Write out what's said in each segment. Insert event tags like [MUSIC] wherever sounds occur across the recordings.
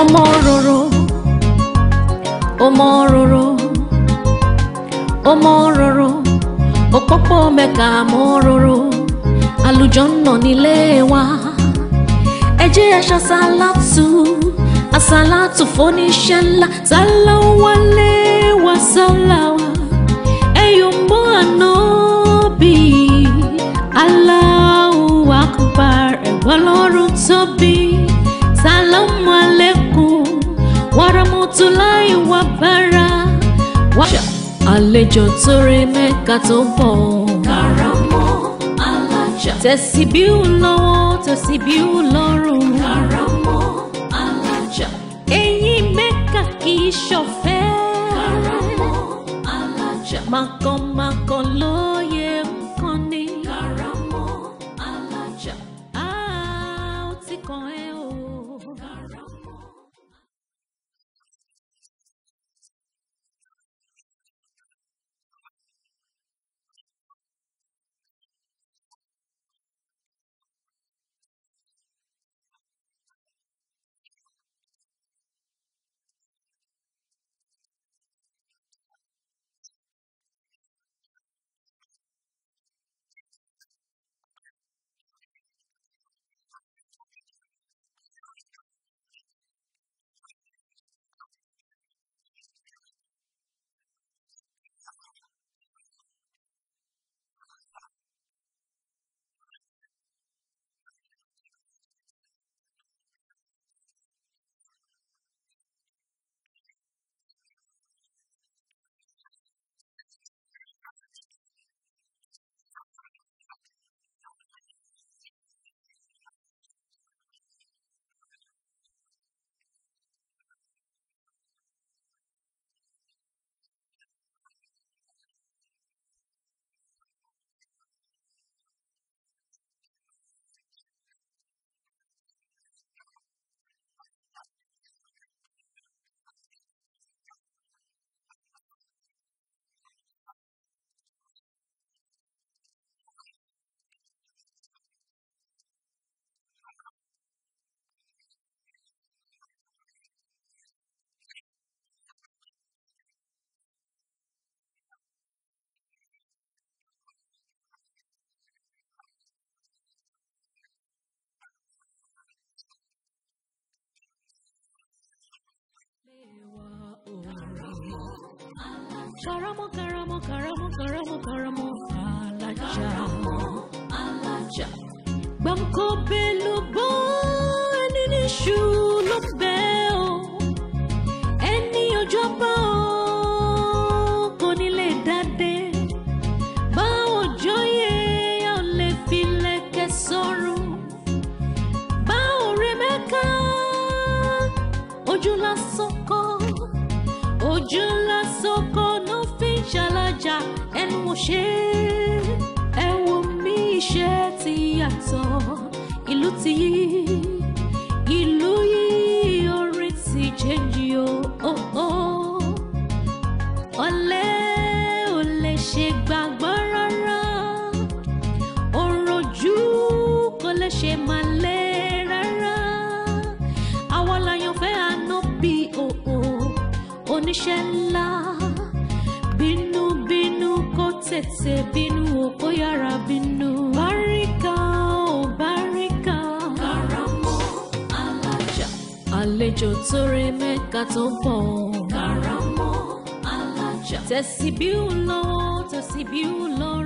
ọmọ roro ọmọ roro ọmọ roro òpópó mẹ́ka mọ roro àlùjànnà nílé wa ẹ jẹ́ a ṣe àsàlátù àsàlátù fóníṣẹ́ ńlá sálọ́wálé wa sálàwà ẹ̀yọ́ mọ́ àná bíi. Allahu Akbar ẹ̀gbọ́n lọ́rùn tóbi sálámù alẹ́. Ramotulai wà bára wáṣà àlejò tó rí mẹ́ka tó bọ̀. Kàràmọ́ alájà. Tẹ̀síbíù lọ́wọ́ tẹ̀síbíù lọ́rùn. Kàràmọ́ alájà. Eyín mẹ́ka kì í ṣọ̀fẹ́. Kàràmọ́ alájà. Karamo, karamo, karamo, karamo, karamo, alaja. Karamo, alaja. belu bẹ́lú bọ́ ẹni níṣu ló bẹ́ o, ẹni ṣalájà ẹnu mo ṣe ẹ wo mi ṣe ti yàtọ̀ ìlú ti yí ìlú yí orin ti jẹ́jì o oh, oh. ọ̀lẹ ò lè ṣe gbàgbọ́ rárá òròjú kò lè ṣe máa lé rárá àwọn làyàn fẹ́ àná bí òun oníṣẹ́ ńlá. tètè bínú o kó yára bínú. o barika karamo alájà. àlejò tó re mẹ́ka tó ń bọ̀. karamọ́ alájà. tẹ̀síbíù lọ tẹ̀síbíù lọ.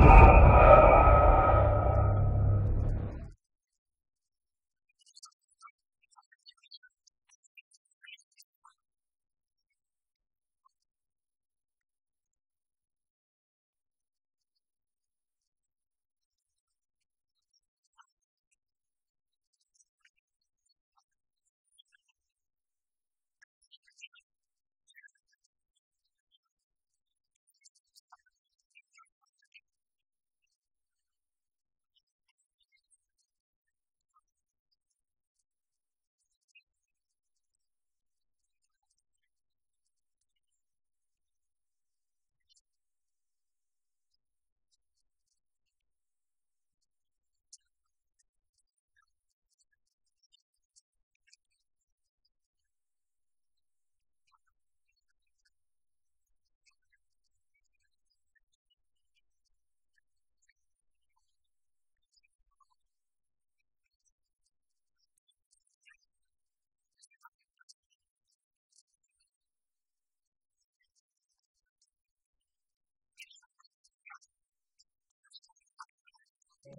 Ah!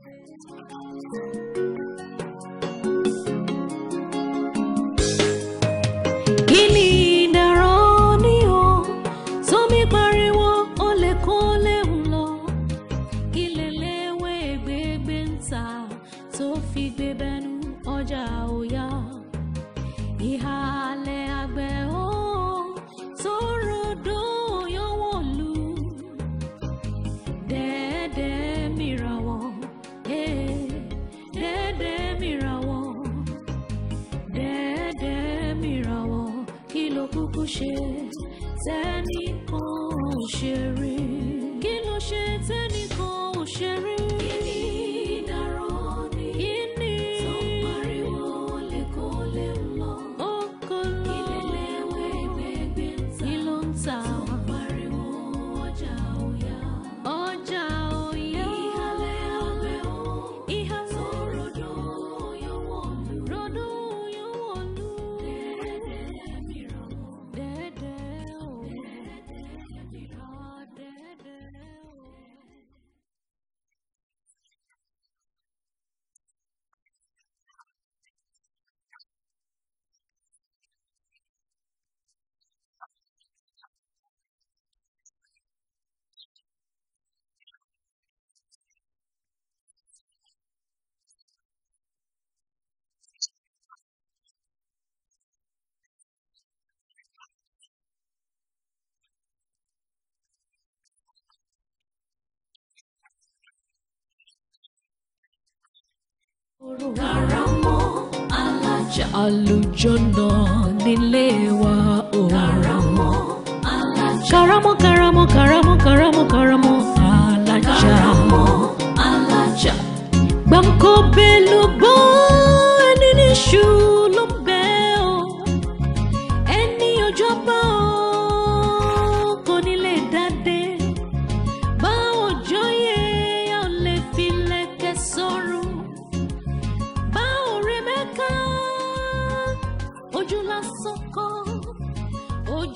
Thank you. tẹ́nìkan ṣeré. Karamo alájà àlùjọ̀nà nílé wa o. Karamo alájà. Karamo karamo karamo karamo karamo alájà. Karamo alájà. Gbàǹkó bẹ́ẹ̀ ló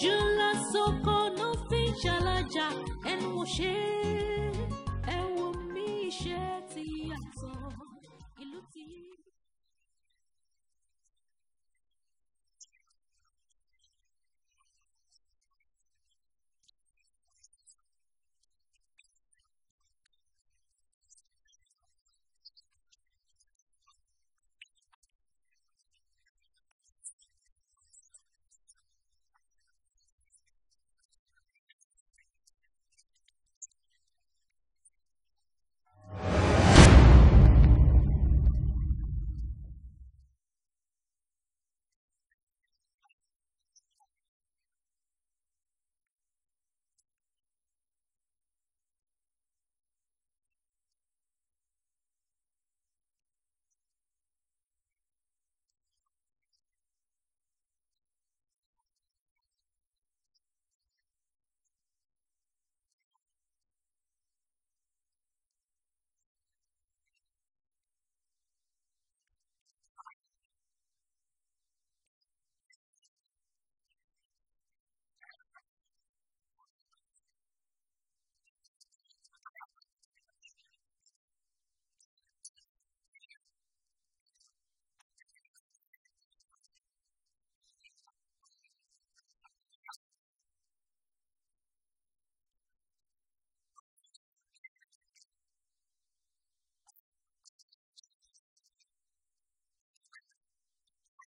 Jula lọ sóko ló fi ń ṣàlàjà ẹnu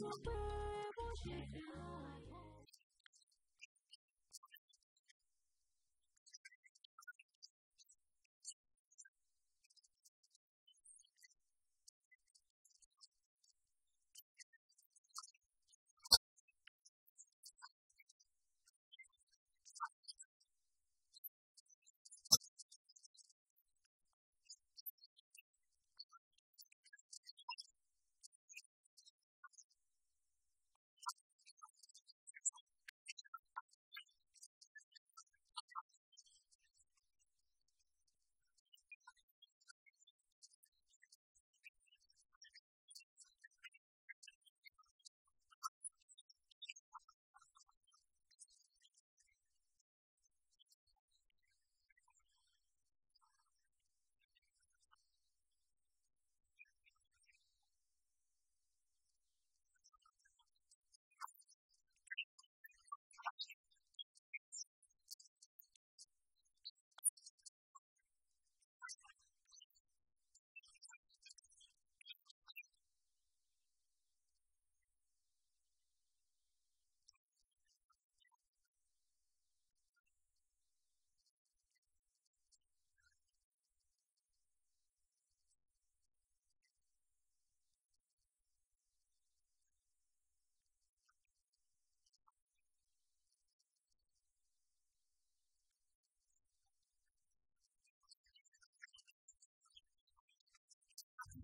Nos podemos llegar.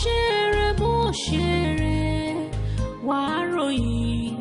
ṣeré bó ṣeré wàá ròyìn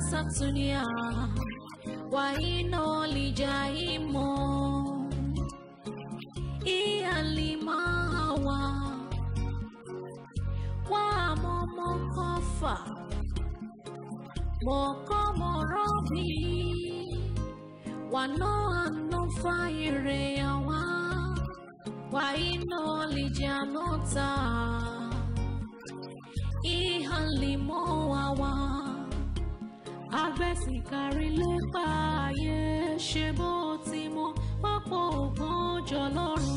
wa wa waino lijaimo ialimawa kwamomokofa mokomorobi wanoanofayireyawa waino lijanota ihalimowawa agbẹ́sìnkárí lépa ayé ṣe bó ti mọ pápọ̀ ògbọ́n jọ lọ́rùn.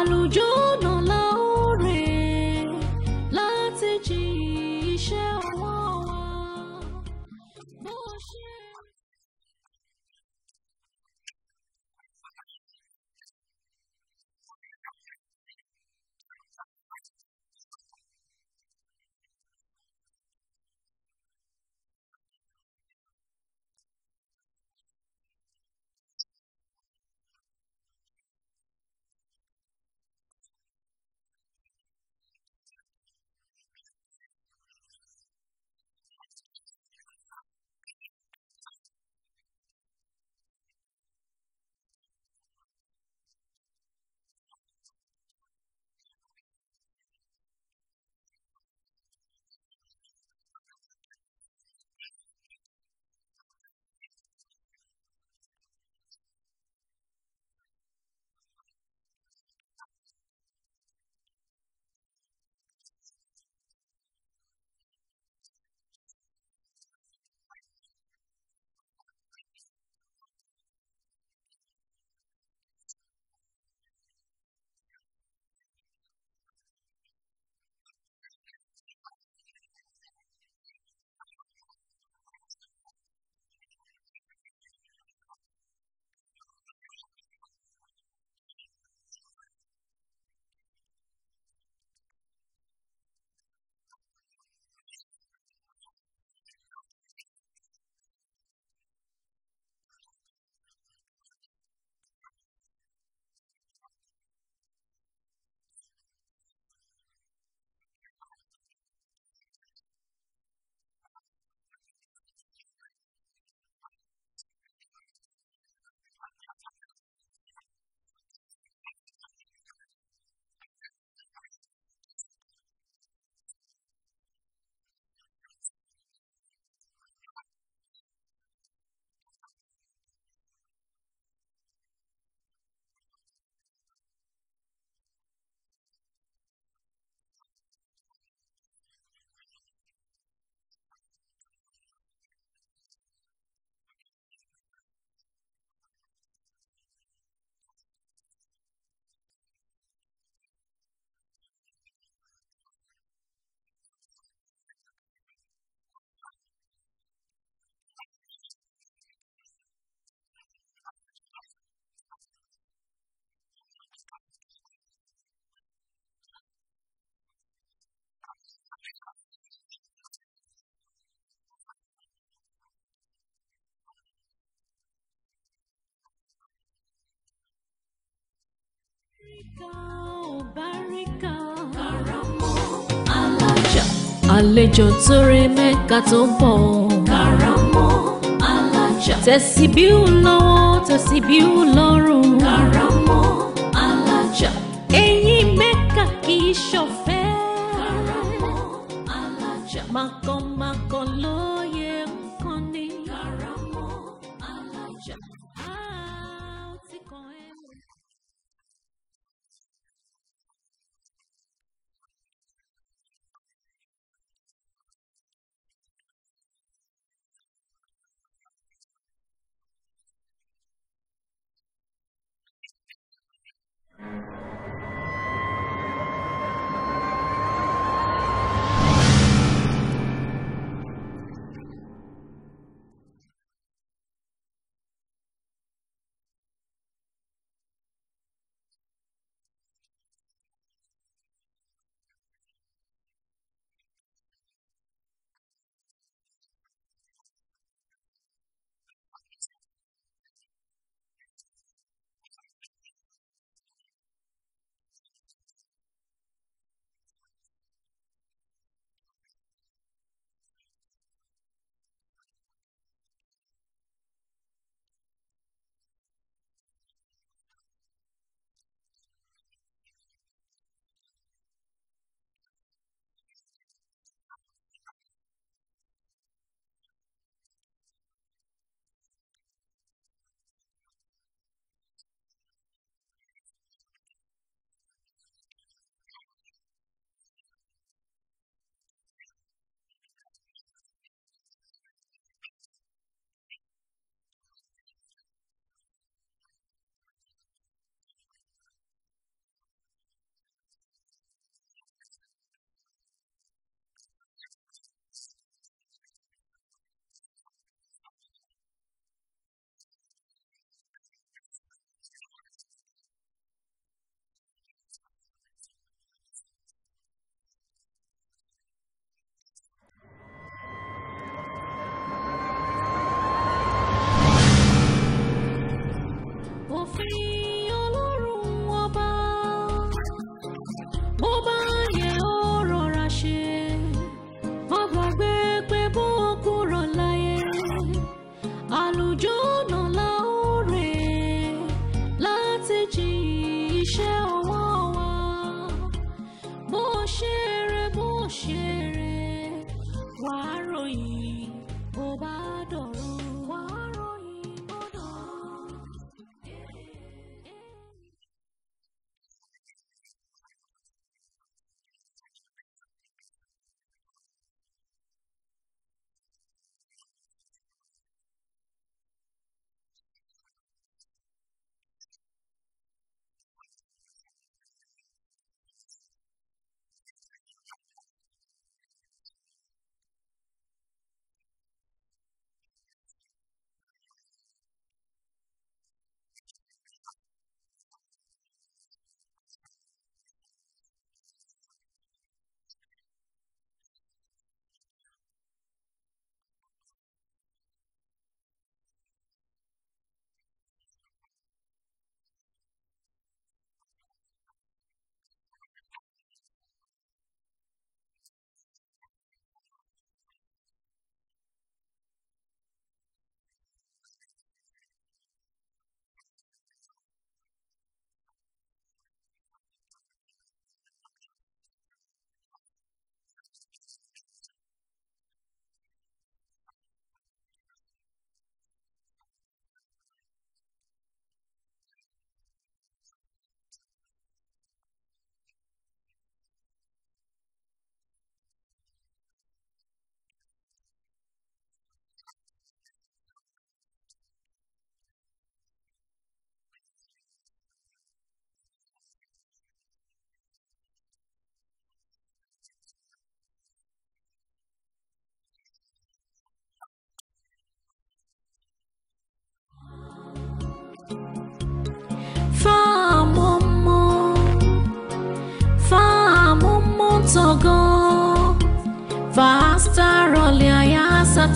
àlùjọ. àlejò tó rí mẹ́ka tó ń bọ̀. Karamọ́ alájà. tẹ̀síbíù lọ́wọ́ tẹ̀síbíù lọ́rùn. Karamo, alájà. eyín mẹ́ka kì í ṣọ̀fẹ́. Karamo, alájà. màkàn màkàn ló.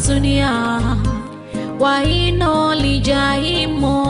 Tanzania wainolijaimo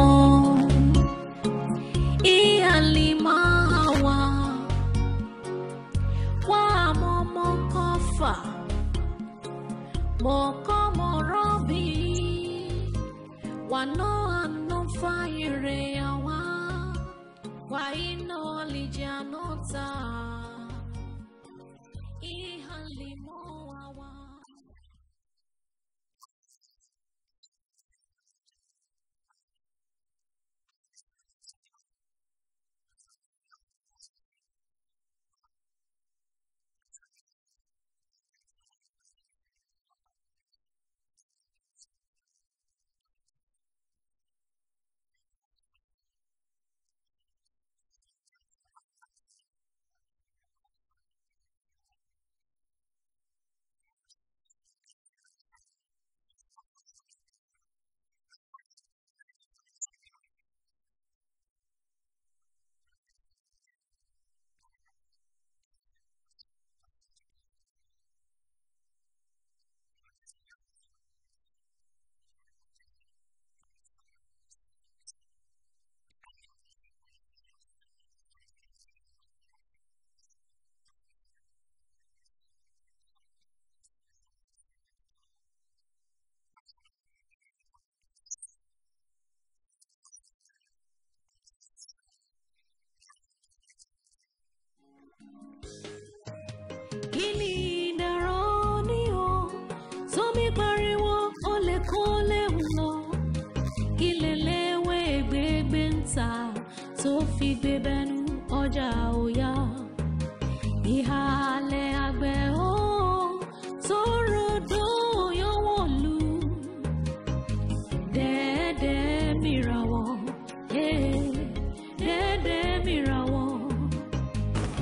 gbébẹ́nu ọjà òyà ìhàlẹ̀ àgbẹ̀ ó tó rodó yọwọ́ lu dẹ́ẹ̀dẹ́ mìràwọ̀ dẹ́ẹ̀dẹ́ mìràwọ̀.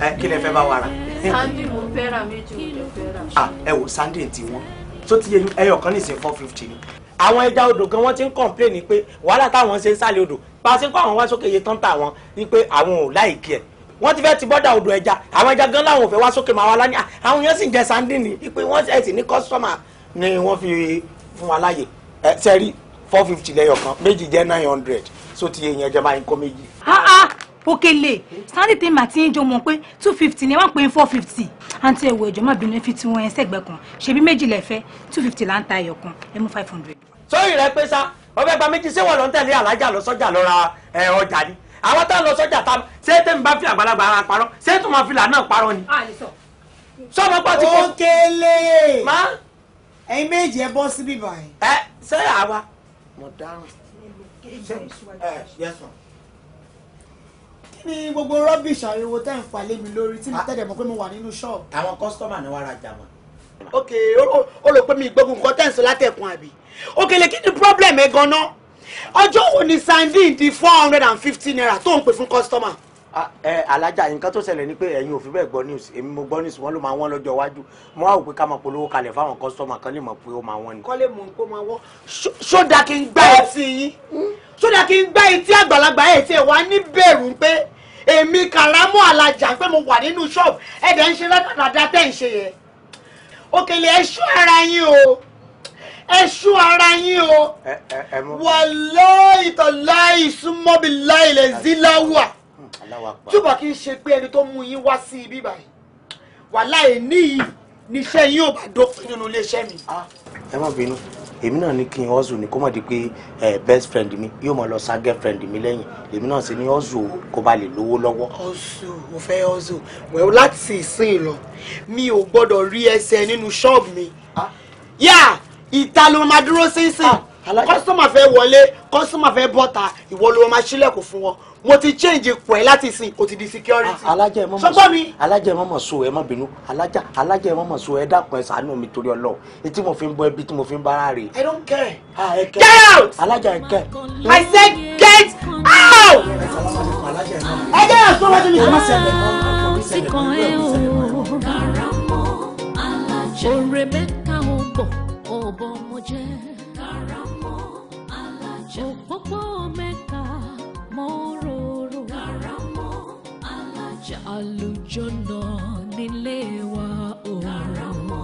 ẹ kí lẹ fẹ́ bá wa rà. sandy mo fẹ́ ra méjì mo fẹ́ ra. ah ẹ wo sandy ti wọn tó ti ẹyọ kan nìsín four fifty ni. àwọn ẹja odò gan wọn ti ń kọ̀ǹpléènì pé wàhálà táwọn ṣe ń sálẹ̀ odò bá a ṣe ń kó àwọn wá sókè iye tán tà wọn ni pé àwọn ò láìkí ẹ̀ wọ́n ti fẹ́ ti bọ́dà odò ẹja àwọn ẹja gan láwọn ò fẹ́ wá sókè máa wá lá ní ah, àwọn yẹn sì ń jẹ sandini pé wọ́n ẹ̀ sì ní kọ́sọ́mà ni wọ́n fi fún wa láàyè ẹ sẹ́rí four fifty lẹ́yọ̀ kan méjì jẹ́ nine hundred so ti èèyàn jẹ́ máa ń kọ́ méjì. Òkèlè sanni tèmi àti yín jọ mọ̀ pé two fifty ni wọ́n pè é four fifty àǹtí ẹ̀wọ̀ ẹ̀jọ̀ má bínú fi tiwọn ẹ̀ sẹ́gbẹ̀ẹ́ kan ṣebí méjì lẹ́fẹ́ two fifty là ń ta ẹ̀yọ̀ kan ẹ̀ five hundred. sórí rẹ pé sá ọbẹ̀ gba méjì ṣé wọ́n lọ ń tẹ̀lé alájà lọ sọ́jà lọ ra ọjà ni àwọn tá a lọ sọ́jà ta ṣé tẹ̀mí bá fi àgbàlagbà ara parọ́ ṣé tó máa fi là náà parọ́ ni. sọ́mọ pọ̀ ti kọ́. ó kélé ẹ̀yin méjì ẹ bọ́ síbí báyìí. ẹ ṣé àwa mo dáhùn. kí ni gbogbo rọ́bìṣì ariwo tẹ́ ń falẹ̀ mi lórí tí mi ah. tẹ́lẹ̀ mọ̀ pé mo wà nínú ṣọ́ọ̀bù. àwọn kọ́sítọ́mà ni wàá rajà wọn. ok o rò pé mi gbógun nǹkan tẹ́ ń sọ látẹ̀kùn àbí òkèlè kí ni problem ẹ gan-an ọjọ́ wo ni sandin di four hundred and fifty naira tó ń pè fún customer ẹ alájà nǹkan tó ṣẹlẹ̀ ni pé ẹ̀yin ò fi bẹ́ẹ̀ gbọ́ news èmi mo gbọ́ news wọn ló máa wọ́n lọ́jọ́ iwájú mo wá wò pé ká máa polówó kalẹ̀ fáwọn kọ́sítọ́mà kan lè mọ̀ pé ó máa wọ́n ni. kọ́lé mò ń kó máa wọ́ ṣódà kí n gbá etí yín ṣódà kí n gbá etí àgbàlagbà ẹ̀ tí ẹ̀ wá ní bẹ̀rù pé èmi Kàrámù alájà pé mo wà nínú ṣọ́ọ̀bù ẹ̀dẹ̀ ń ṣe rádàdà tẹ̀ ń ṣe yẹn Òkèlè ẹ̀ ṣọ́ ẹ ṣú ara yín o wàlọ́ ìtọ̀lá ìsúnmọ́bìlá ilẹ̀ zíláwà túbọ̀ kí n ṣe pé ẹni tó mú yín wá sí ibi báyìí wàlá ẹni yìí níṣẹ́ yín ò bá dófin nínú iléeṣẹ́ mi. Ah, ẹ má bínú èmi náà ní kí n hustle ni kó má di pé best friend mi yóò máa lọ sa girlfriend mi lẹ́yìn èmi náà sì ní hustle kó bá lè lówó lọ́wọ́. hustle mo fẹ́ hustle wẹ̀ láti ìsìn lọ mi ò gbọ́dọ̀ rí ẹsẹ̀ nínú ṣọ́ọ̀bù mi. Ah. yáà ìta ló máa dúró sínsìn kọ́sọ́mà ah, fẹ́ wọlé kọ́sọ́mà fẹ́ bọ́ta ìwọ ló máa ṣílẹ̀kùn fún wọn mo ti change ipò láti sin kò ti di security. Ah, alájà ẹ alájà ẹ mọ̀ mọ̀ so ẹ má bínú alájà alájà ẹ mọ̀ mọ̀ so ẹ dákun ẹ ṣàánú mi torí Ọlọ́run etí mo fi ń bọ ẹbí tí mo fi ń bára rè. I don't care. ah ẹ kẹ get out. alájà ẹ kẹ. I said get out. ẹ jẹ́ ẹ̀ sọ́wọ́ tó ní sọ́wọ́ sẹ́lẹ̀ mọ́. ọ̀rẹ́ bẹ́ẹ̀ ká o bọ̀ bọ́mọ jẹ́. Karamo alájà. Òpópó mẹ́ta mọ́ ròrò. Karamo alájà. Àlùjọ̀nà nílé wa o. Karamo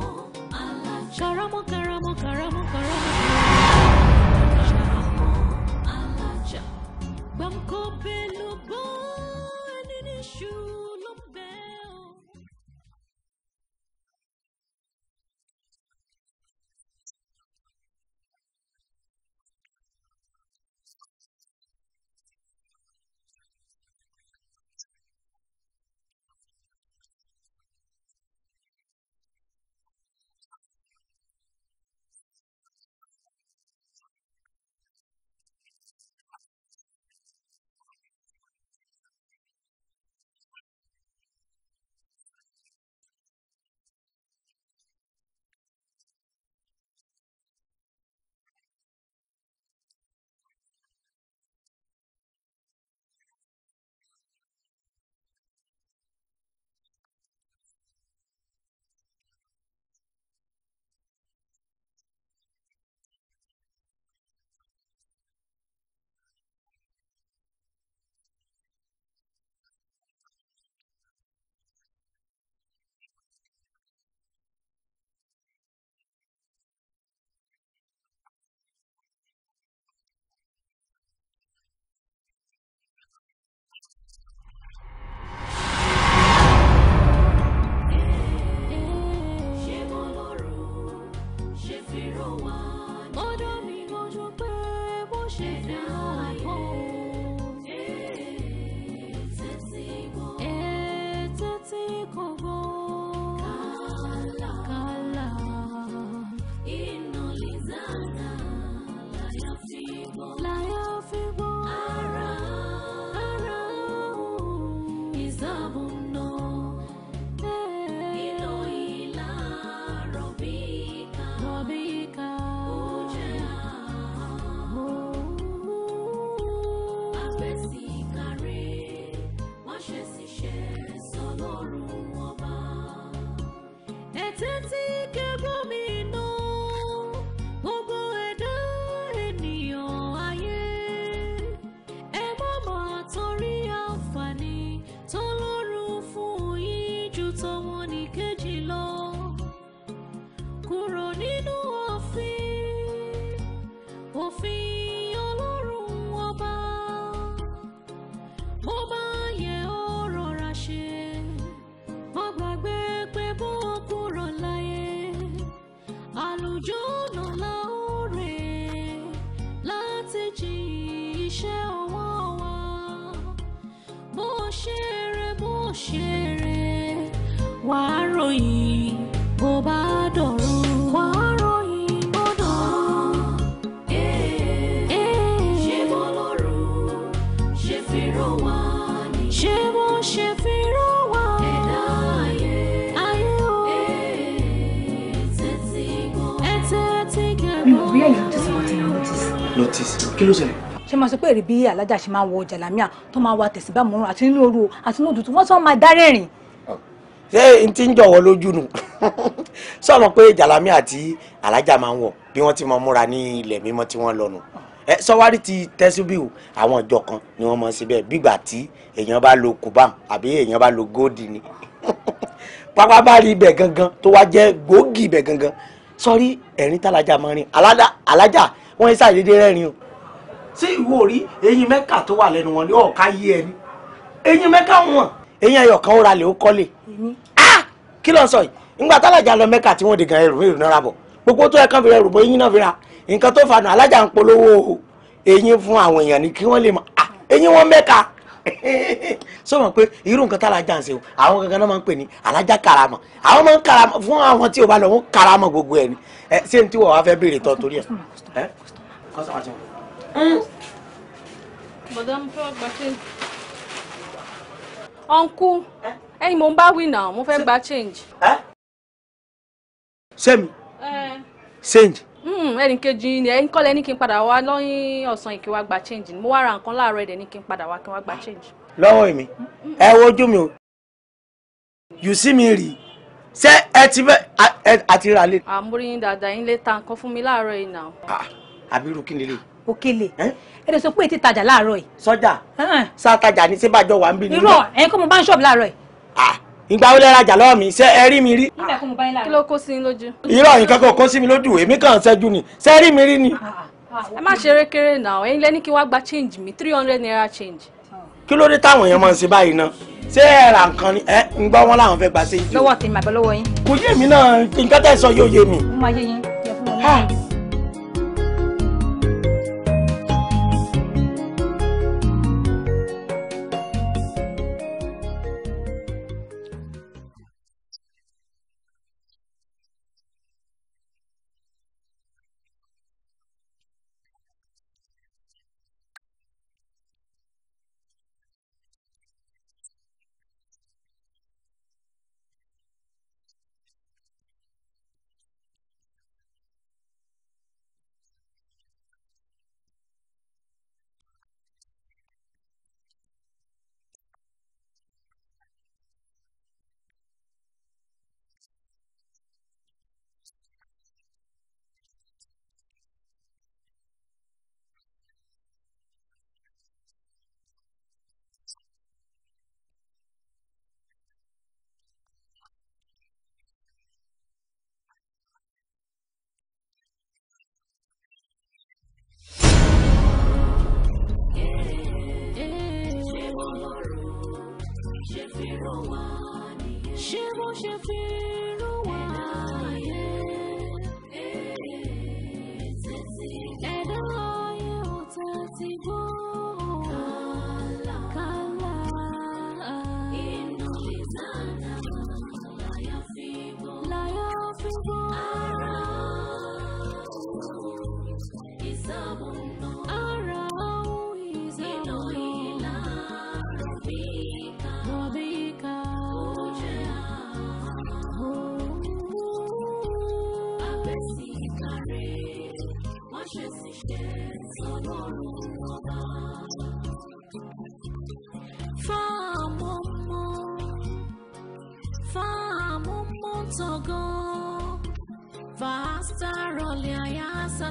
alájà. Karamo karamo karamo karamo. Karamo alájà. Gbàǹkó bẹ́ẹ̀ bo gbọ́ ẹni ṣeré wàá ròyìn bó bá dọ̀rùn. notice notice. notice kí ló ṣẹlẹ̀. ṣé máa sọ pé èrè bí alájà ṣe máa wọ jàlámíà tó máa wa tẹ̀síbá mọ́rún àti nínú ooru àti nínú òtútù wọ́n tún máa dárẹ́rìn. ṣé n ti ń jọ̀wọ́ lójú nù sọ̀rọ̀ [LAUGHS] pé jàlámì àti alájà máa ń wọ̀ bí wọ́n ti máa múra ní ilẹ̀ mímọ́ tí wọ́n lọ́nu ẹ sọwárí ti tẹ́síbíù àwọn ìjọ kan ni wọ́n mọ̀ síbẹ̀ bígbà tí èèyàn bá lo kubam àbí èèyàn bá lo góòdì ni [LAUGHS] pápá bá rí ibẹ̀ gangan tó wá jẹ́ gbòógì ibẹ̀ gangan sọrí ẹ̀rín tálájà máa rìn alájà wọ́n ń ṣàdédé rẹ́rìn o sí ìwọ orí eyín mẹ́ka tó wà lẹ́nu wọn ni ọ̀ọ́ká yí ẹni eyín mẹ́ka wọn eyín ẹyọ kan ó ra lè ó kọ́lé kí ló ń sọ yìí ńgbà tálájà lọ mẹ́ka tí wọ́n di gan ẹrù ìrù náírà bọ̀ gbogbo tó yẹ kán fi rẹ rògbò eyín náà fi ra nǹkan tó fanu alájà ń polówó eyín fún àwọn èèyàn ni kí wọ́n lè mọ̀ eyín wọn mẹ́ka [LAUGHS] so pé irú nǹkan tá ń ṣe àwọn gangan náà máa ń pè ní alájà karama àwọn máa ń karama fún àwọn tí o bá lọ wọn karama gbogbo ẹ ni ẹ ṣé n tí wọn wá fẹ́ béèrè tọ torí ẹ bọ̀dá mo fẹ́ gba change. ọ̀nkú ẹ̀yin mo ń bá wí náà mo change. Eh? sẹ́mi eh. change. Hmm, ẹnì kejì ni ẹ̀yin kọ́lẹ̀ ní kí n padà wá lọ́yìn ọ̀sán ìkí wá gba change mo wá ra nǹkan láàárọ̀ ẹ̀dẹ̀ Work kí change. lọ́wọ́ mi ẹ wojú mi you. you see me rí ṣé ẹ ti fẹ́ àti rà lé. àmúrí dáadáa yín lè ta nǹkan fún mi láàárọ̀ yìí náà. Ah, àbí irú kí ni òkèlè ẹ lè sọ pé ètí tajà láàárọ̀ yìí. sọjà sá tajà ní sí bàjọ́ wà ń bí nínú. irọ́ ẹ̀yin kọ́ mo bá ń ṣọ́ọ̀bù láàárọ̀ yìí. ìgbà wo lẹ rajà lọ́wọ́ mi ṣé ẹ rí mi rí. nígbà kó mo bá yín láàárọ̀. kí ló kó sí lójú. irọ́ nǹkan kan kó sí mi lójú èmi kàn ń ṣẹ́jú ni ṣé ẹ rí mi rí ni. Ah, ah, ah, ẹ má ṣeré kéré náà ẹ̀yin lẹ́ni kí change mi three hundred naira change. kí ló dé táwọn èèyàn máa ń ṣe báyìí náà ṣé ẹ ra nǹkan ni ẹ ń gbọ́ wọn láwọn fẹ́ gbà ṣe. lọ́wọ́ tèmi àbẹ̀lọ́wọ́ yín. kò yé mi náà nǹkan tẹ̀ yóò yé mi. mo máa yé yín yẹ fún wọn.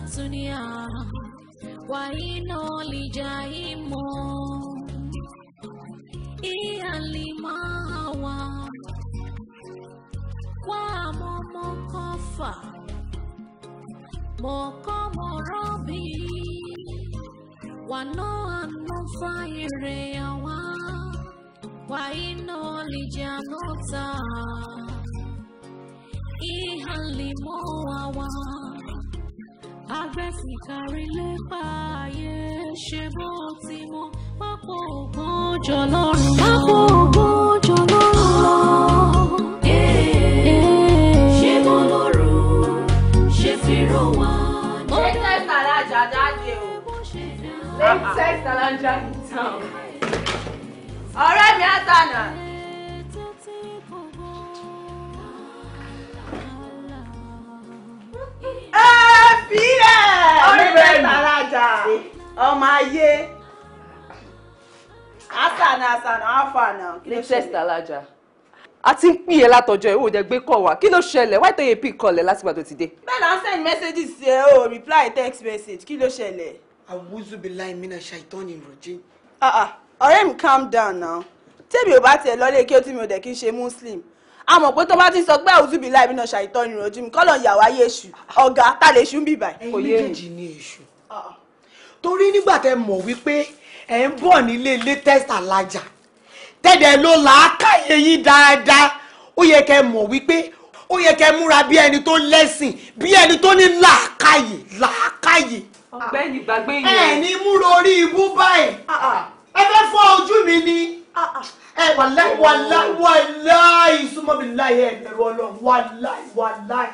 dunia wa ino lijaimo kárí lépa ayé ṣe bó ti mọ pápó ògbọ́n jọ lọ́rùn pápó ògbọ́n jọ lọ́rùn lọ. ṣé mo lọ́rùn ṣe fi ró wa. latest alájà jáde o latest alájà in town. ọ̀rẹ́ mi àtànà. FBI! tàràjà ọmọ ayé asana asana afana. latest alaja a ti ń pín yẹn látọjọ́ ẹ ò dẹ gbé kọ wa? kí ló ṣẹlẹ̀ wáyé tó yẹ pí kọlẹ látìgbà tó ti dé. bẹ́ẹ̀ náà send messages ṣe o reply text message kí ló ṣẹlẹ̀. awuzubilayi mina ṣàìtọ́ni ìrọ̀jì. Ah, ah. ọ̀rẹ́ mi calm down now tẹ́mi ò bá tiẹ̀ lọ́lé kí ó tí mi ò dẹ̀ kí n ṣe muslim a mọ̀ pé tó bá ti sọ pé awuzubilayi mina ṣàìtọ́ni ìrọ̀jì mi kọ́lọ̀ yàwá yéṣu ọ̀gá ta lè ṣú bíbà. ẹyin méjèèjì ni èṣù Ah. torí nígbà tẹ mọ̀ wípé ẹ̀ ń bọ̀ nílé latest alájà tẹ́dẹ̀ ló làákàyè yín dáadáa ó yẹ kẹ́ mọ̀ wípé ó yẹ kẹ́ múra bí ẹni tó lẹ́sìn bí ẹni tó ní làákàyè làákàyè. ọ̀gbẹ́ni gbàgbé yẹn. ẹ ní múra orí ibú báyìí ah, ah. ẹ fẹ́ fọ́ ojú mi ni ẹ wàláì wàláì wàláì ìsúnmọ́ láyé ẹ̀ bẹ̀rù ọlọ́run wàláì wàláì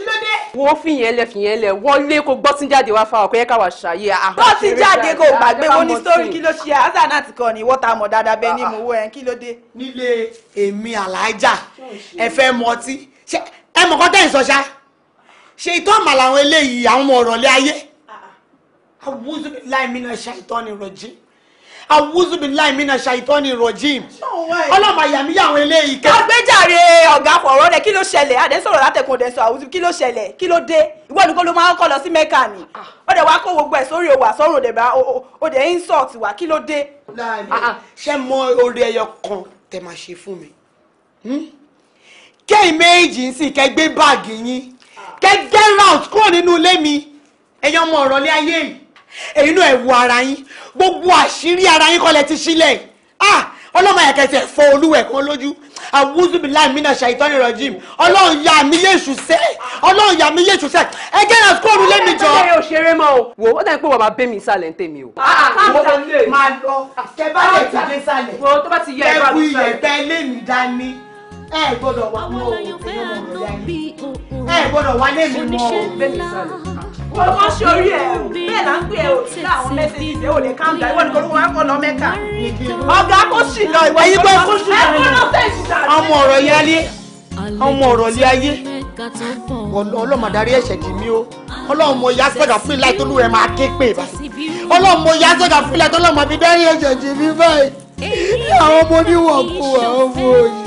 kí ló dé. wọ́n fìyẹn lẹ fìyẹn lẹ wọlé kó gbọ́ sí jáde wá fáwọn kẹ́kẹ́ wá ṣàyè. gbọ́ sí jáde kó gbàgbé mo ní sórí kí ló ṣe àṣà náà ti kọ́ ni wọ́tà mọ̀ dáadáa bẹ́ẹ̀ ni ah, ah. mo wọ ẹ̀ kí ló dé. nílé èmi alájà ẹ fẹ́ mọtí ẹ mọ̀ kọ́ tẹ́ ẹ̀ sọ ṣá ṣe ìtọ́ àmàlà àwọn eléyìí àwọn ọmọ ọ̀rọ̀ lé ayé. àwọn ah, láì mí náà ṣe ìtọ́ni rọ̀ jí awúzùbíláì oh, mí náà ṣàìtọ́ni rọ̀jìm ọlọ́mọ àyà mi yà àwọn eléyìí kẹ́. agbẹjáre ọ̀gá fọ̀rọ̀ rẹ̀ kí ló ṣẹlẹ̀ adé sọ̀rọ̀ látẹ̀kùn dẹ̀ sọ àwùjọ kí ló ṣẹlẹ̀ kí ló dé ìwọ ni kó ló máa ń kọ́ lọ sí mẹ́kà ni ó dẹ̀ wá kó gbogbo ẹ̀ sórí òwà sọ́run òdẹ̀ bá òdẹ̀ insult wá kí ló dé. Ah, ah. ṣé mo orí ẹyọ kan tẹ máa ṣe fún mi hmm? kẹ́ ìméjì ń sìn kẹ́ gbé báàgì yín ah. kẹ́ get round kúrò nínú ilé mi ẹ̀yọ́ ọmọ ọ̀rọ̀ ní ayé yìí èyí náà ẹ wo ara yín gbogbo àṣírí ara yín kọ́lẹ̀ ti Ah, ọlọ́mọ ẹ̀kẹ́ tẹ̀ fọ olúwẹ̀ kan lójú àwùzùbíláì mínà ṣàìtọ́ni rọ̀jìm ọlọ́run ya mi yéṣu sẹ́ ọlọ́run ya mi yéṣu sẹ́ ẹ jẹ́ náà skóòlù lẹ́mi jọ. ọlọ́run yóò ṣeré mọ́ o. wo ó dàbí pé bàbá bẹ́mi ìsàlẹ̀ ń tèmi o. àkàtà ah, ah, ah, máa lọ kẹ bá lè ti dé sálẹ̀ kẹ wú ilẹ̀ tẹ lé mi dání ẹ gbọ́dọ̀ wá mọ́ o ẹ gbọ́dọ̀ wá lé mi mọ́ o bẹ́mi ìsàlẹ̀ ọkọ ṣe orí ẹ bẹ́ẹ̀ là ń pè ẹ ò sí àwọn mẹsẹsì ẹ ò lè ká ń da ìwọ nìkan ló wà kọ lọ mẹ́kà ọgá kó sì lọ ìwọ yìí pé kó sì lọ ọmọ ọ̀rọ̀ yẹn ayé ọmọ ọ̀rọ̀ lé ayé ọlọmọdarí ẹsẹ dì mí o Ọlọ́run mo yá fún ilá ìtọ́lú rẹ máa ké pè bá Ọlọ́run mo yá fún ilá ìtọ́lú rẹ máa fi dárí ẹsẹ dì mí báyìí àwọn ọmọ oníwọ̀n kú àwọn ọmọ òyìn.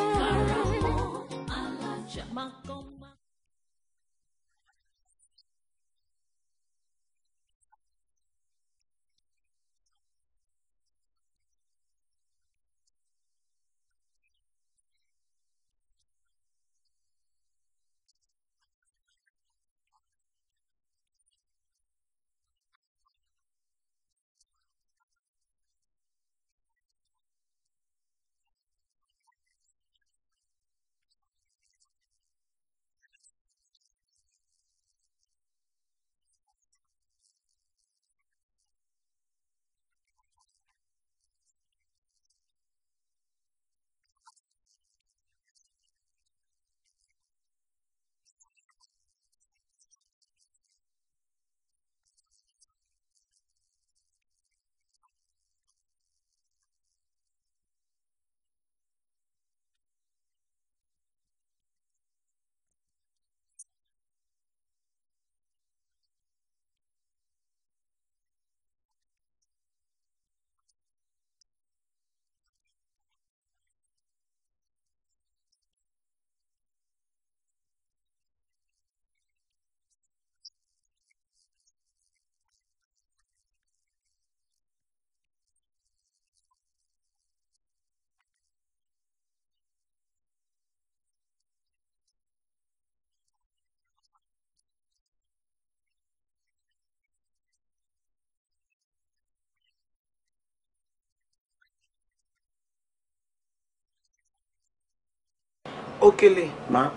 Okele. Ma.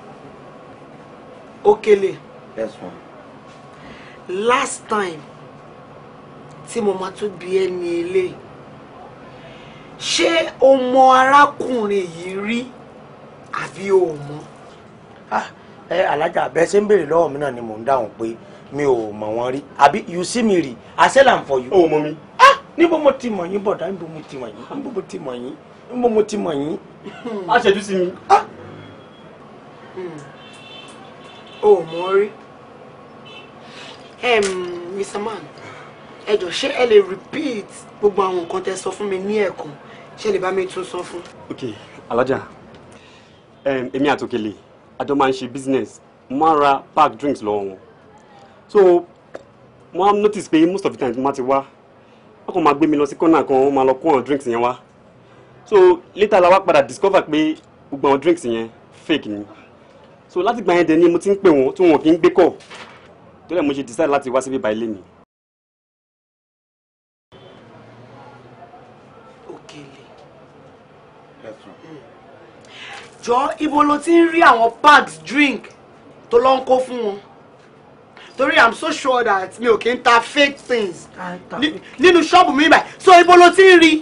Okele. Yes, ma. Last time tí mo máa tún bi ẹni eléyìí ṣé o mọ arákùnrin yìí rí àbí o mọ. Ah, ẹ alájà bẹ́ẹ̀ ṣe ń béèrè lọ́wọ́ mi náà ni mò ń dáhùn pé mi ò mọ̀ wọ́n rí àbí you see me rí I sell am for you. o mọ mi. Ah, níbo mo ti mọ̀ yín bọ̀dá níbo mo ti mọ̀ yín níbo mo ti mọ̀ yín níbo mo ti mọ̀ yín. a ṣẹ́jú sí mi. Ah, Hmm. Oh, ò Um, rí Mr. Man I jọ ṣé ẹ lè repeat gbogbo àwọn nǹkan tẹ sọ fún mi ní ẹ̀kan ṣé lè bá mi tún sọ fún. ok alájà èmi àtòkèlè àjọ máa ń ṣe business Mara pack drinks long. so mo noticed notice most of the times Matiwa. I come back wọn kàn máa gbé mi lọ sí drinks yẹn wá so later la wá padà discover pé gbogbo àwọn drinks yẹn fake ni so láti gbà yẹn dẹ̀ ni mo ti ń pè wọ́n tí wọn kì í gbé kọ̀ tó lẹ̀ mo ṣe decide láti wá síbí báyìí lémi. òkèlè jọ ibo ló ti ń rí àwọn bags drink tó lọ ń kó fún wọn torí i'm so sure that mi ò kì í ta fake things nínú ṣọ́ọ̀bù mi báyìí so ibo ló ti ń rí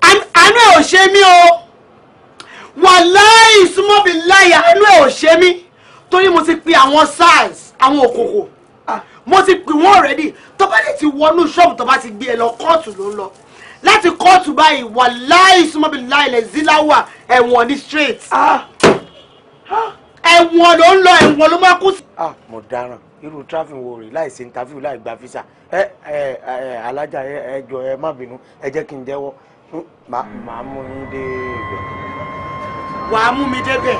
àánú ẹ̀ ò ṣe mí o wàláì súnmọ́ bí láyà inú ẹ̀ ò ṣe mí torí mo ti pe àwọn SARS àwọn òkòkò ah, mo ti pè wọ́n already tó bá lè ti wọnú ṣọ́ọ̀bù tó bá ti gbé ẹ lọ kóòtù ló ń lọ láti kóòtù báyìí wàláì súnmọ́ bí láyà ilẹ̀ zilawa ẹ̀wọ̀n ní straight ah. Ah. ẹ̀wọ̀n ló ń lọ ẹ̀wọ̀n ló máa kú sí. mo dáràn irú traffic wo rè láì ṣe interview láì gba visa ẹ ẹ ẹ alájà ẹ jọ ẹ má bínú ẹ jẹ́ kí n jẹ́wọ́ hm, màá mú yín dé ibẹ̀ wàá mú mi débẹ̀.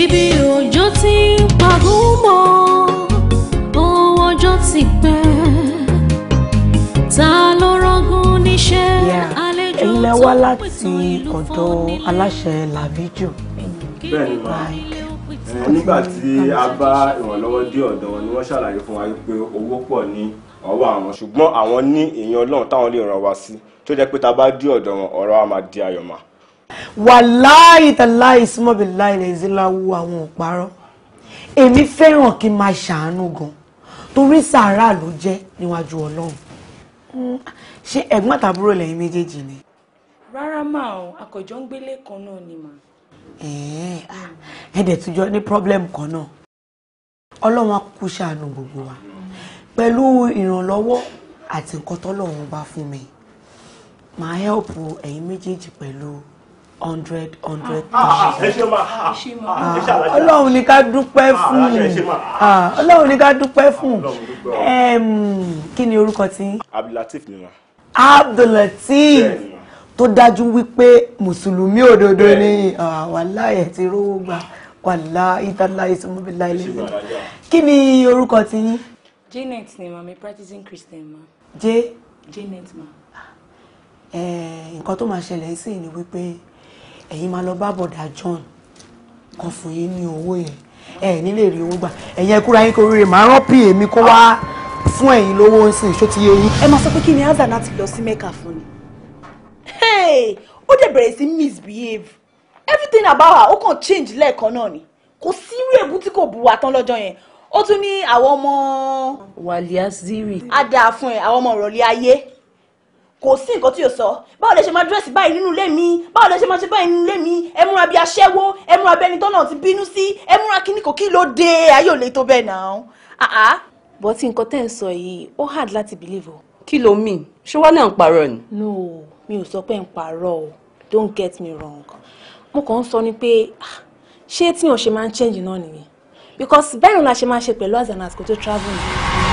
ibi òjò ti ń pagúmọ̀ owó ọjọ́ ti pẹ́ ta ló rọ́gún níṣẹ́ àlejò tó pẹ̀tù ìlú fọ́ nílé. aláṣẹ làbíjò. bẹ́ẹ̀ni ma nígbà tí a bá ìrànlọ́wọ́ dé ọ̀dọ̀ wọn ni wọ́n ṣàlàyé fún wa pé owó pọ̀ ní ọwọ́ àwọn ṣùgbọ́n àwọn ní èèyàn ọlọ́run táwọn lè ràn wá sí tó jẹ́ pé ta bá dé ọ̀dọ̀ wọn ọ̀rọ̀ á máa di ayọ̀ máa wàláì tàláì ìsúmọ̀bìláì lẹ́sìláwó àwọn òparọ́ èmi fẹ́ràn kí n máa ṣàánú gan torí sàárà ló jẹ́ níwájú ọlọ́run hmm, ṣé ẹ̀gbọ́n àtàbúrò lẹ́yìn méjèèjì ni. rárá màá o àkànjọ ń gbélé kan náà ni mà. ẹ̀ẹ́dẹ̀ tún jọ ní pírọ́blẹ́mù kan náà ọlọ́run á kú ṣàánú gbogbo wa pẹ̀lú ìrànlọ́wọ́ àti nǹkan tọ́lọ́run bá fún mi màá hẹ́ọ̀pù ẹ̀yin méjèèjì pẹ̀lú hundred hundred ah, ah, thousand. Ah, ọlọ́run ni ká dúpẹ́ fún ọlọ́run ni ká dúpẹ́ fún kí ni orúkọ tí. Abdulateef ni ma. Abdulateef tó dájú wípé mùsùlùmí òdodo ni wàláhì ẹ̀ ti rówó gbà wàláhì ìtàlá ìsúnmọ́bìlá ilé ìwé kí ni orúkọ tí Janet ni ma mi practicing Christian ma. J. Janet ma. Eh, nǹkan tó máa ṣẹlẹ̀ sí ni wípé ẹ̀yin máa lọ bá bọ̀dà John kan fún yín ní owó yẹn ẹ nílè rí owó gbà ẹ̀yin ẹ̀kúra yín kò rèé máa rán pè mí kó wá fún ẹ̀yin lówó ń sìn ṣó ti yé yín. ẹ máa sọ pé kí ni Hasana ti lọ sí Mecca fún ni ó dẹ̀ bẹ̀rẹ̀ sí misbehave everything about her ó kàn change lẹ́ẹ̀kan náà ni kò sí irú èébú tí kò bu tán lọ́jọ́ yẹn ó tún ní àwọn ọmọ. wàlíà ziri. á dáa fún ẹ àwọn ọmọ ìrọ̀lẹ́ ayé kò sí nǹkan tí yóò sọ báwo lè ṣe máa dírẹ́sì báyìí nínú ilé mi báwo lè ṣe máa ṣe báyìí nínú ilé mi ẹ múra bíi aṣẹ́wó ẹ múra bẹ́ni tọ́nà ti bínú sí ẹ múra kíní kò kí ló dé ayé ò lè tó bẹ́ẹ̀ náà. Ah, ah. bọ́ tí nǹkan tẹ́ ẹ sọ yìí ó hard láti believe o. kí ló mean ṣé wọ́n náà ń parọ́ ni. no mi ò sọ pé ń parọ́ o don't get me wrong mo kàn ń sọ ni pé ah, ṣé tíyàn ṣe máa ń change náà nìyẹn because bẹ́ẹ̀ la ṣe máa ṣe pẹ̀lú àzànà àsìkò tó travel nìyẹn.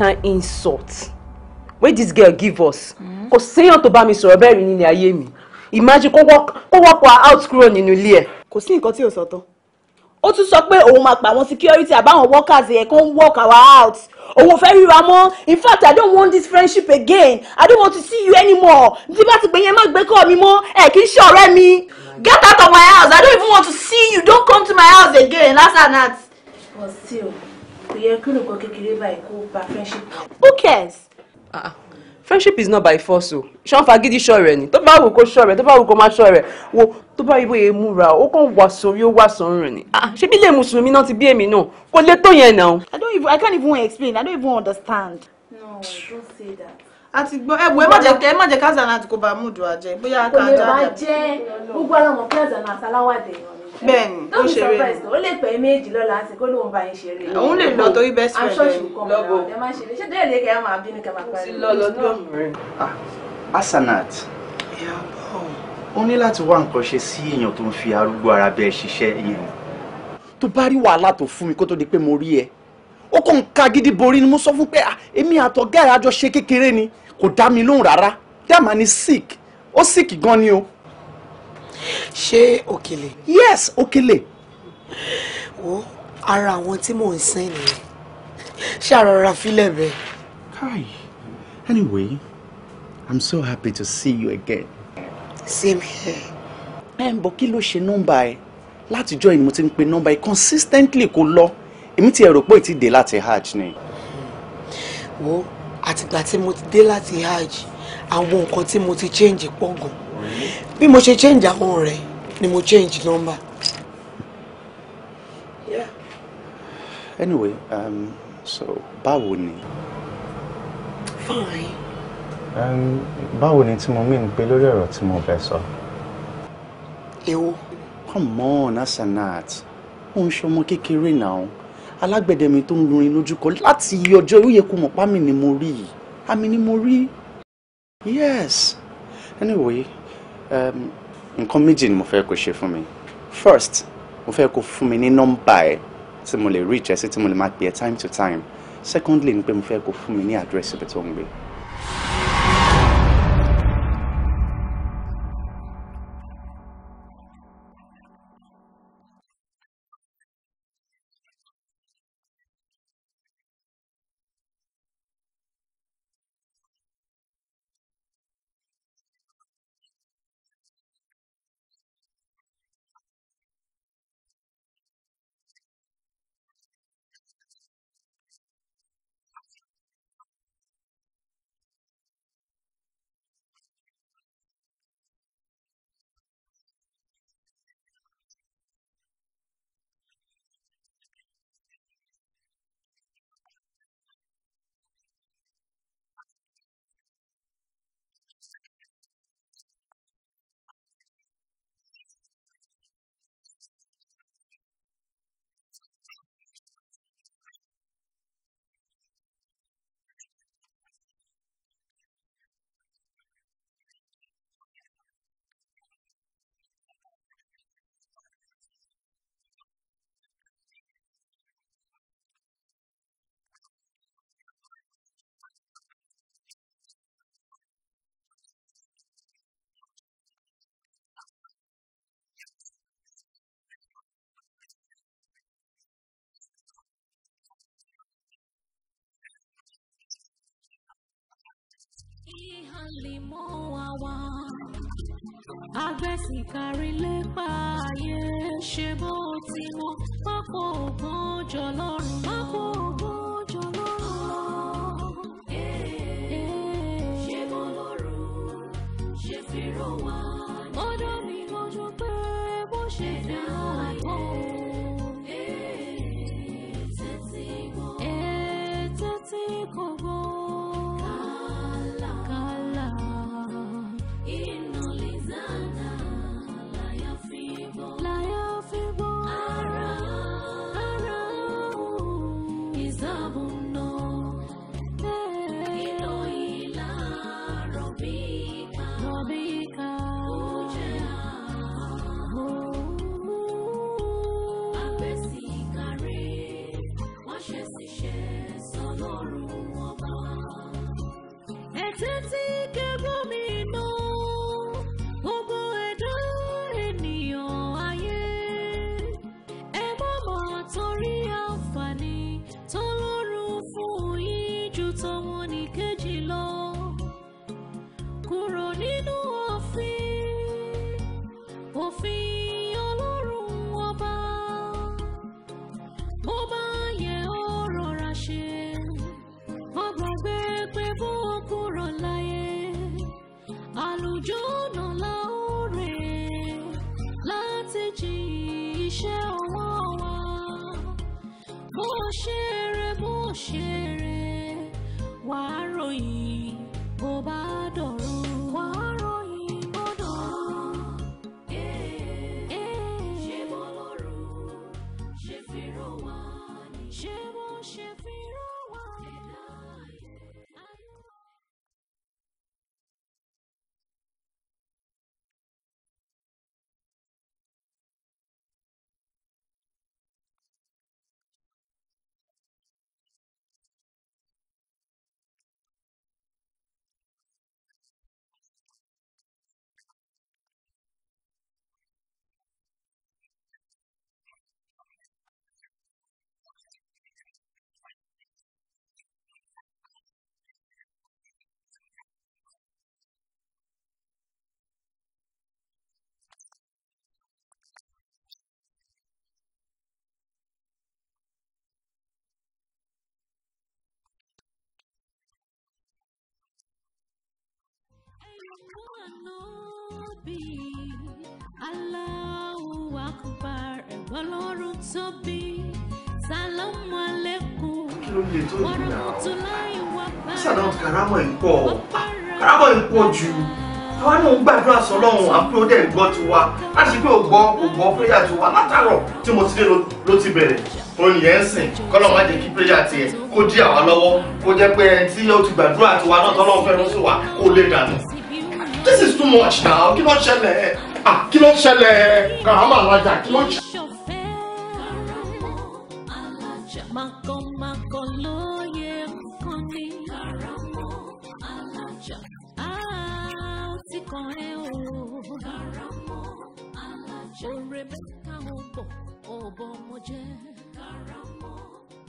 kind insult wey dis girl give us kò séèyàn tó bá mi sọ̀rọ̀ bẹ́ẹ̀ rí nílé ayé mi imagine kó wọ́pọ̀ out kúrò nínú ilé ẹ̀. kò sí nǹkan tí ò sọ tán ó tún sọ pé òun máa pa àwọn security àbáwọn workers yẹn kó ń work our out òun fẹ́ rí mọ́ in fact i don't want this friendship again i don't want to see you anymore tí bá ti pè yẹn má gbé kọ́ mi mọ́ ẹ kì í ṣe ọ̀rẹ́ mi get out of my house i don't even want to see you don't come to my house again last and last who cares. Uh-uh. friendship is not by force o ṣan fagidi ṣọ̀rẹ́ ni tó bá wù go ṣọ̀rẹ́ tó bá wù kó má ṣọ̀rẹ́ wo tó bá ibo yẹn múra ó kàn wà sórí ó wà sọ́rùn ni ah, ṣé bí ilé mùsùlùmí náà ti bí èmi náà kò lè tó yẹn i don't even i can't even explain i don't even understand. no don't say that. Ati gbọ́ ẹ wo ẹ má jẹ́ kẹ́ ẹ má jẹ́ ká zanat kó ba múdù àjẹ bóyá ká dá. kò lè bá jẹ́ gbogbo àwọn ọmọ pẹ́ẹ́sì àti aláwàdì yẹn bẹ́ẹ̀ni ó ṣeré ni ó lè pẹ́ méjì lọ́la àti kó lóun bá yín ṣeré ni òun lè lọ torí best friend rẹ lọ́gbọ̀ ẹ má ṣeré ṣé dẹ́rẹ́ lè kẹ́ ẹ máa bínú kẹ́ máa parí. ó ti lọ lọ́dọ̀ mi. Ah, Hasanat ó ní láti wá nǹkan ṣe sí èèyàn tó ń fi arúgbó ara bẹ́ẹ̀ ṣiṣẹ́ yẹn. tó bá rí wàhálà tó fún mi kó tó di pé mo rí ẹ ó kàn ń ka gidi borí ni mo sọ fún pé ah, èmi àtọ̀gá ẹ̀ àjọṣe kékeré ni kò dá mi lóhùn rárá dáàmà ni sick ó sick gan ni o ṣé òkèlè. yes òkèlè. wo ara àwọn tí mò ń sìn nìyẹn ṣàrọra fílẹ̀ bẹ́ẹ̀. Kai, anyway i'm so happy to see you again. same here. ẹ ń bọ kí ló ṣe nọ́mbà ẹ látijọ́ ni mo ti ń pe nọ́mbà ẹ consistently kò lọ èmi ti ẹ̀rọ pé ì ti dé láti hajj ni. wo àtìgbà tí mo ti dé láti hajj àwọn nǹkan tí mo ti change pọ̀ gan-an bí mo ṣe change àwọn rẹ̀ ni mo change number. Yeah. anyway um, so báwo ni. fine. Um, báwo ni tí mo mí ń gbé lórí ọ̀rọ̀ tí mo bẹ̀ sọ. èwo. come on Hasanat ó ń ṣọmọ kékeré náà alágbẹ̀dẹ mi tó ń lurin lójúkọ láti iye ọjọ́ ó yẹ kó mọ̀ pámi ni mo rí àmì ni mo rí yes anyway Um, nǹkan méjì ni mo fẹ́ kó ṣe fún mi first mo fẹ́ kó fún mi ní nọ́mbà ẹ̀ tí mo lè reach ẹ sí tí mo lè máa pè ẹ́ time to time secondly ni pé mo fẹ́ kó fún mi ní àdírẹ́sì ibi tó ń gbé. ti mọ́ wa wá. agbẹ́sìnkárí lépa ayé ṣe bó ti mọ́ pápó ògbọ́n jọ lọ́rùn pápó ògbọ́n. tóbi Allahu Akbar ẹ̀gbọ́n lọ́rùn tóbi salamu alaikum warahmatullahi wabarakatuh. sàdọ̀ karamọ̀ ìpọ̀ karamọ̀ ìpọ̀ jù àwa náà ń gbàdúrà sọlọ́run àbúrò dẹ̀ gbọ́ ti wa láti pé ò gbọ́ ò gbọ́ pírẹ́yà ti wa látàrọ̀ tí mo ti dé ló ti bẹ̀rẹ̀ olùyẹn ń sìn kọ́lọ́ má jẹ́ kí pírẹ́yà tiẹ̀ kó dí àwa lọ́wọ́ kó jẹ́ pé ẹni tí ó ti gbàdúrà tiwa náà tọ́lọ́run fẹ́ràn sí wa kó lè dànù this is too much now kí ló ṣẹlẹ̀ ah kí ló ṣẹlẹ̀ kàrámà alájà kí ló ṣẹlẹ̀. Rebecca Obo, Obo Moje, Karamo,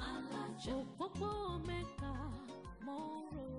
Alaja, Obo Meka, Moro.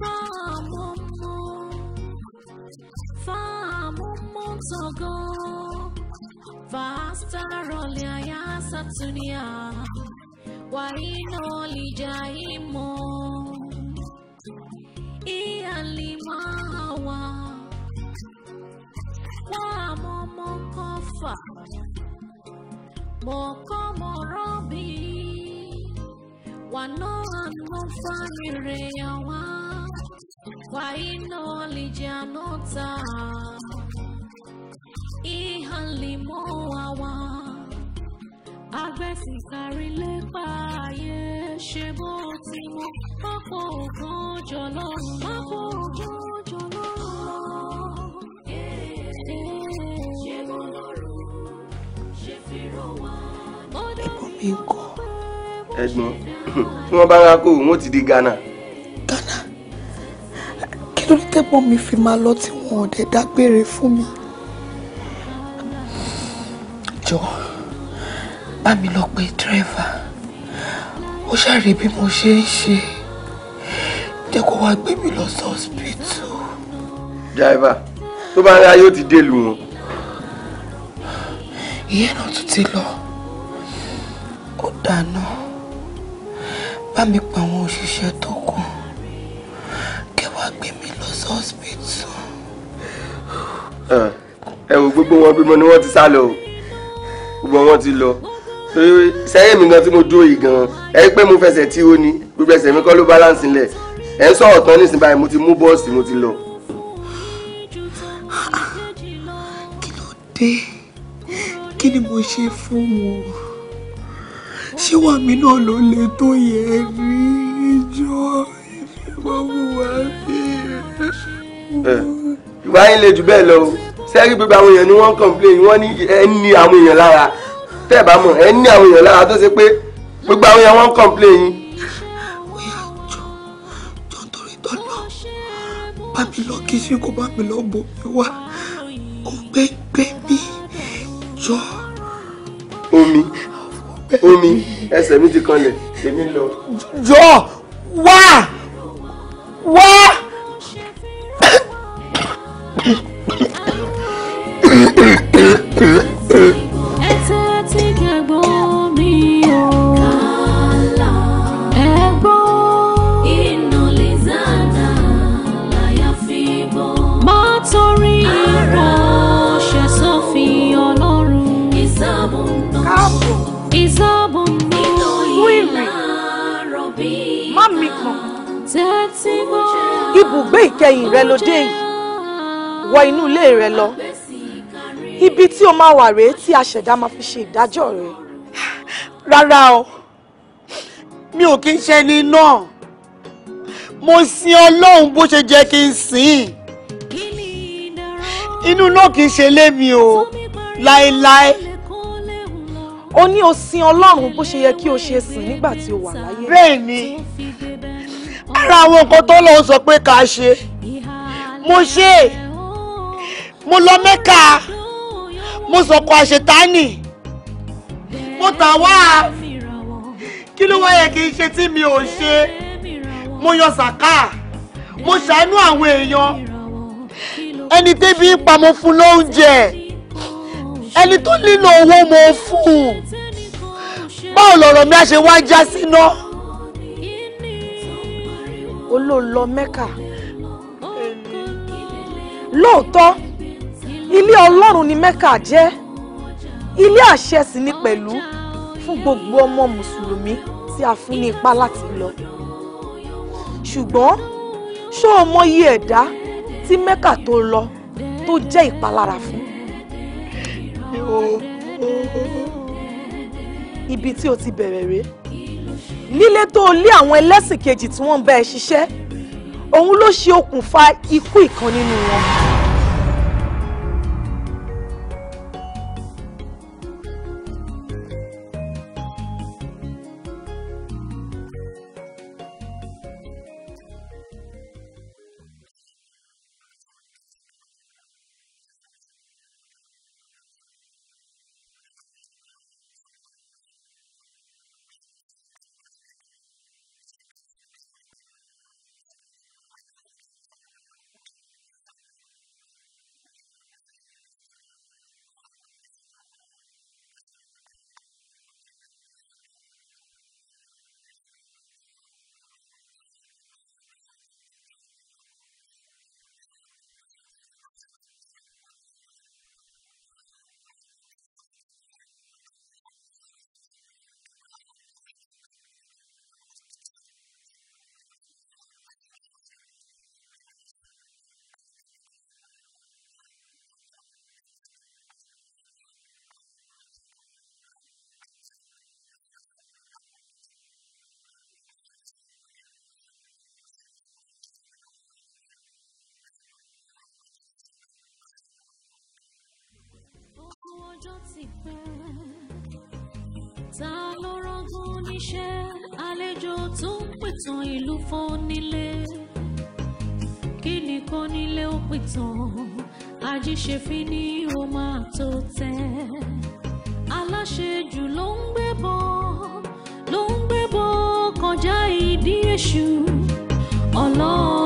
Fáàmùmù Fáàmùmù sọ̀gọ́ Fàstàrọ̀lì àyà sàtúnyà Wàhínà lìjà ìmọ̀ Ìyàlímáwà Wàmọ̀mọ̀ kọfà Mọ̀kọ́mọ̀rọ̀ bíi wanoa nofa mireya sì sáré lépa ayé ṣe bó ti mọ pápọ̀ ògùn jọ lọ́rùn pápọ̀ ògùn jọ lọ́rùn ṣé mo lọ́rùn ṣe fi rọ̀ wá. ẹ̀gbọ́n mi kọ́. ẹ̀gbọ́n tí wọ́n bá rákò wọ́n ti di Ghana. Ghana kí ló dé tẹ́gbọ́n mi fi máa lọ tí wọn ò dágbére fún mi. jọ̀ọ́ bá mi lọ pe dírẹ́fà ó ṣàrí bí mo ṣe ń ṣe jẹ́ kó wá gbé mi lọ sí hospital. dírẹ́fà tó bá rí ayé ó ti dé lu wọn. ìyẹn náà tún ti lọ ó dáná bá mi pa àwọn òṣìṣẹ́ tó kù kẹ́ wá gbé mi lọ sí hospital. ẹ wo gbogbo wọn bímọ ni wọn ti sá lọ o gbogbo wọn ti lọ sẹ́yìn mi gan tí mo dúró yìí gan ẹ pé mo fẹsẹ̀ tí ó ní gbogbo ẹsẹ̀ mi kọ́ ló balance nílẹ̀ ẹ̀ ń sọ̀rọ̀ tán nísìnyí báyìí mo ti mú bọ́ọ̀sì mo ti lọ. kí ló dé kí ni mo ṣe fún wọn ṣé wà mí náà ló lè tó yẹ rí ìjọ ìfipáwùwà bí. ìwà yín le jù bẹ́ẹ̀ lọ sẹ́rí gbogbo àwọn èèyàn ni wọ́n ń complain wọ́n ní ẹ ní àwọn èèyàn lára tẹ́ ẹ̀ bá mọ̀ ẹ ní àwọn èèyàn lára tó ṣe pé gbogbo àwọn èèyàn wọ́n ń kọ̀ǹplé yín. bóyá jọ jọ torí tọ́lọ́ bá mi lọ kí sí kó bá mi lọ bò mí wá kó gbé gbé mi jọ. omi omi ẹsẹ̀ mi ti kanlẹ̀ èmi lọ. jọ wá wá. máa wà rèé tí aṣẹ̀dá máa fi ṣe ìdájọ́ rẹ̀. rárá o mi ò kí ń ṣe ẹni náà mo sin ọlọ́run bó ṣe jẹ́ kí n sìn inú náà kì í ṣe lémi o láéláé o ní o sin ọlọ́run bó ṣe yẹ kí o ṣe sìn nígbà tí o wà láyé. bẹ́ẹ̀ ni ara àwọn nǹkan tó lọ sọ pé ká ṣe mo ṣe mo lọ mẹ́ka mo sọkọ àṣetánì mo tà wá kí ló wá yẹ kí n ṣe tí mi ò ṣe mo yan sàká mo ṣàánú àwọn èèyàn ẹni tẹ́bi ń pa fún lóúnjẹ ẹni tó nílò owó mo fún un báwo lọ̀rọ̀ mi á ṣe wá já síná olóòlọ mẹ́kà lóòótọ́ ilé ọlọ́run ni mẹ́kà jẹ́ ilé àṣẹ sì ni pẹ̀lú fún gbogbo ọmọ mùsùlùmí tí a fún ní ipá láti lọ ṣùgbọ́n ṣó o mọyì ẹ̀dá tí mẹ́kà tó lọ tó jẹ́ ìpalára fún. ibi tí o ti bẹ̀rẹ̀ rèé nílé tó o lé àwọn ẹlẹ́sìn kejì tí wọ́n ń bá ẹ ṣiṣẹ́ òun ló ṣe okùnfà ikú ìkan nínú wọn. ọjọ́ ti pẹ́ ta ló rọ́gún níṣẹ́ àlejò tó ń pìtàn ìlú fún nílé kí ni kó nílé ó pìtàn àjíṣefín ni ó máa tó tẹ́ aláṣejù ló ń gbébọn ló ń gbébọn kọjá ìdí èṣù ọlọ́run.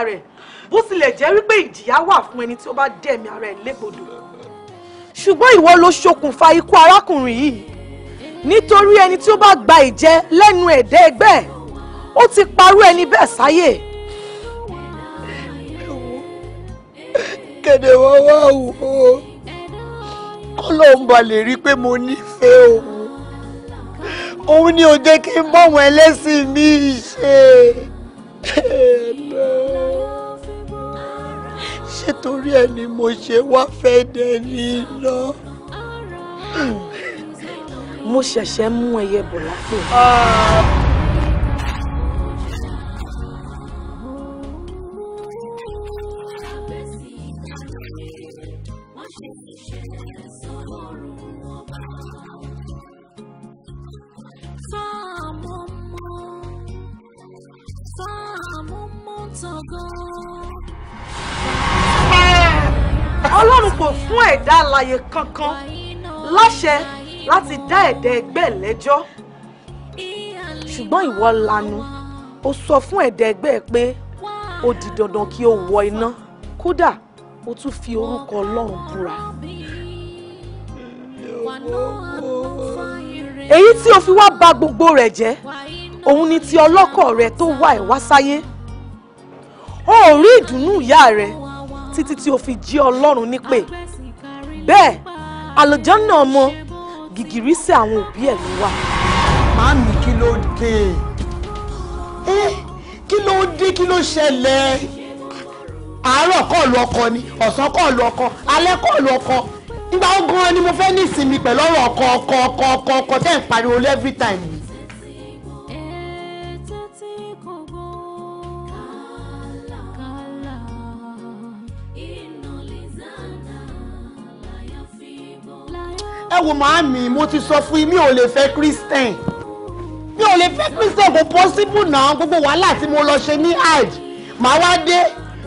ara rẹ̀ bó tilẹ̀ jẹ́ wípé ìjìyà wà fún ẹni tí ó bá dẹ̀mí ara ẹ̀ légbodò ṣùgbọ́n ìwọ ló ṣokùnfà ikú arákùnrin yìí nítorí ẹni tí ó bá gba ìjẹ lẹ́nu ẹ̀dẹ́ ẹgbẹ́ ẹ̀ ó ti parú ẹni bẹ́ẹ̀ sáyè. kẹ̀dẹ̀ wọ́n wá wò ó kọ́lọ́hún ba lè rí i pé mo nífẹ̀ẹ́ òun òun ni ò jẹ́ kí n bọ́ àwọn ẹlẹ́sìn mi ṣe ṣé torí ẹ ni mo ṣe wá fẹ́ dẹni lọ. mo ṣẹ̀ṣẹ̀ mú ẹyẹ bọ̀ lápò. Ah. ọlọ́run kò fún ẹ̀dá alààyè kankan láṣẹ láti dá ẹ̀dá ẹgbẹ́ lẹ́jọ́ ṣùgbọ́n ìwọ lanu ó sọ fún ẹ̀dá ẹgbẹ́ pé ó di dandan kí o wọ iná kódà ó tún fi orúkọ ọlọ́run búra. èyí tí o fi wá bà gbogbo rẹ̀ jẹ́ òun ni ti ọlọ́kọ̀ rẹ tó wá ẹ̀ wá sáyé o ò rí ìdùnnú ìyá rẹ̀ títí tí o fi jí ọlọ́run nípè bẹ́ẹ̀ àlùjànnà ọmọ gìgìrísẹ̀ àwọn òbí ẹ̀ ló wà. màámi kí ló dé kí ló dé kí ló ṣẹlẹ̀ àárọ̀ kọ́ọ̀lù ọkọ ni ọ̀sán kọ́ọ̀lù ọkọ alẹ́ kọ́ọ̀lù ọkọ ìgbà ogun ni mo fẹ́ ní ìsinmi pẹ̀lú ọ̀rọ̀ ọkọ ọkọ ọkọ ọkọ tẹ́ ń pariwo every time ẹ wò màámi mo ti sọ fún yín mi ò lè fẹ́ christian mi ò lè fẹ́ christian kò possible na gbogbo wàhálà tí mo lọ ṣe ní hajj màá wá dé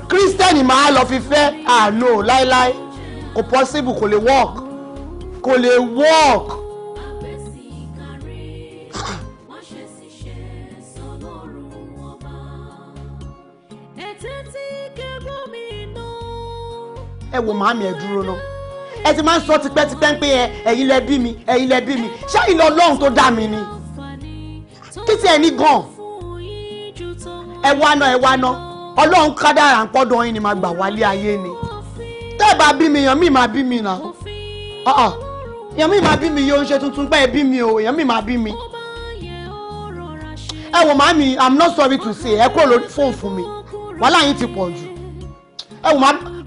christian màá lọ fi fẹ́ ah no láéláé kò possible kò lè work kò lè work. [COUGHS] ẹ wò màámi ẹ dúró náà ẹ ti máa ń sọ tipẹ́tipẹ́ ń pé ẹ ẹ̀yin lẹ bí mi ẹ̀yin lẹ bí mi ṣé ìlọ ọlọ́run tó dá mi ni kí ti ẹ̀ ní gan ẹ wá ná ẹ wá ná ọlọ́run kádàrà ń pọ́dọ̀ yín ni máa gbà wálé ayé ni tẹ́ ẹ bá bí mi èèyàn mi máa bí mi nà èèyàn mi máa bí mi yóò ń ṣe tuntun pé ẹ bí mi o èèyàn mi máa bí mi ẹ wò mi i'm not sorry to say ẹ kúrò lórí fóònù fún mi wàhálà yín ti pọ̀ jù ẹ wò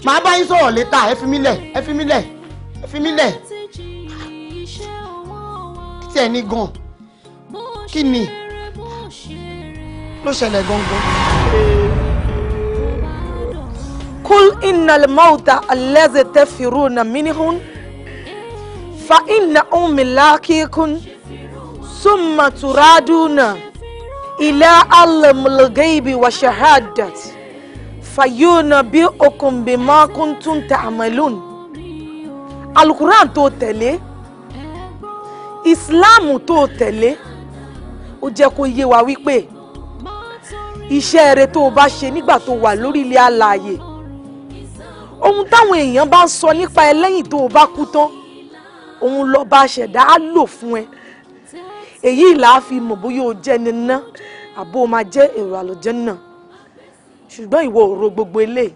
màá bá yín sọ̀rọ̀ létà ẹ fi mí lẹ̀ ẹ fi mí lẹ̀ ẹ fi mí lẹ̀ tí ẹ ní gan kí ni ló ṣẹlẹ̀ gangan. kul inna lemauta alẹ́zẹ̀ tẹ́ firu na minihun fa inna umi lakikun summa turaduna ila alamulgaibi wa shahadat fa yuna bi okun bi ma kuntun ta'malun alukuran tó tẹ̀lé ìsìláàmù tó tẹ̀lé ó jẹ́ kó yé wa wípé iṣẹ́ rere tó o bá ṣe nígbà tó wà lórí ilẹ̀ alààyè ohun táwọn èèyàn bá ń sọ nípa ẹ lẹ́yìn tó o bá kú tán òun lọ́ba ṣẹ̀dá á lò fún ẹ èyí là fi mọ̀ bóyá o jẹ́ ni ná àbó o máa jẹ́ èrò àlùjẹ́ náà ṣùgbọ́n ìwọ ò gbogbo eléyìí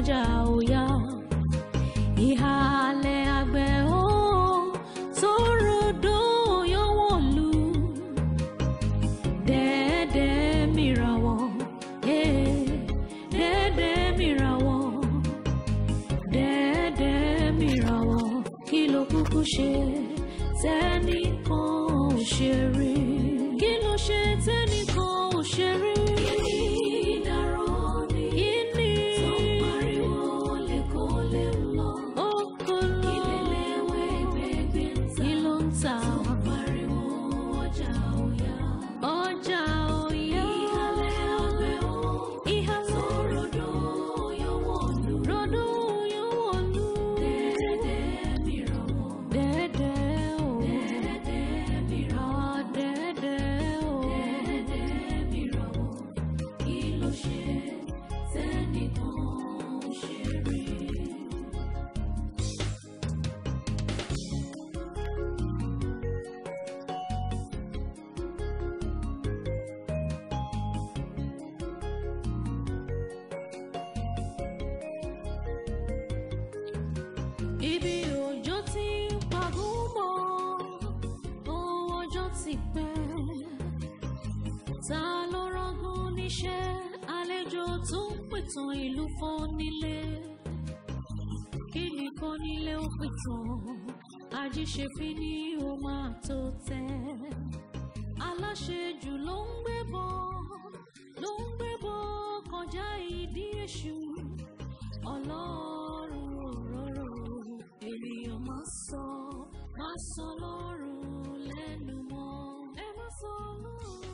ọjà ò yá ìhàlẹ̀ àgbẹ̀ ó tó rodó yọ̀wọ̀n lù dẹ́ẹ̀dẹ́ mìràwọ̀ eh, dẹ́ẹ̀dẹ́ mìràwọ̀ dẹ́ẹ̀dẹ́ mìràwọ̀ kí ló kúkú ṣe sẹ́nìkan ò ṣe tán ìlú fọ́ nílé kí nìkan nílé ó pè tán àjíṣefí ni ó máa tó tẹ́ aláṣejù ló ń gbé bọ́ ló ń gbé bọ́ kọjá ìdí èṣù ọlọ́run òróró ènìyàn má sọ má sọ lọ́rùn lẹ́nu mọ́ ẹ má sọ lọ́rùn.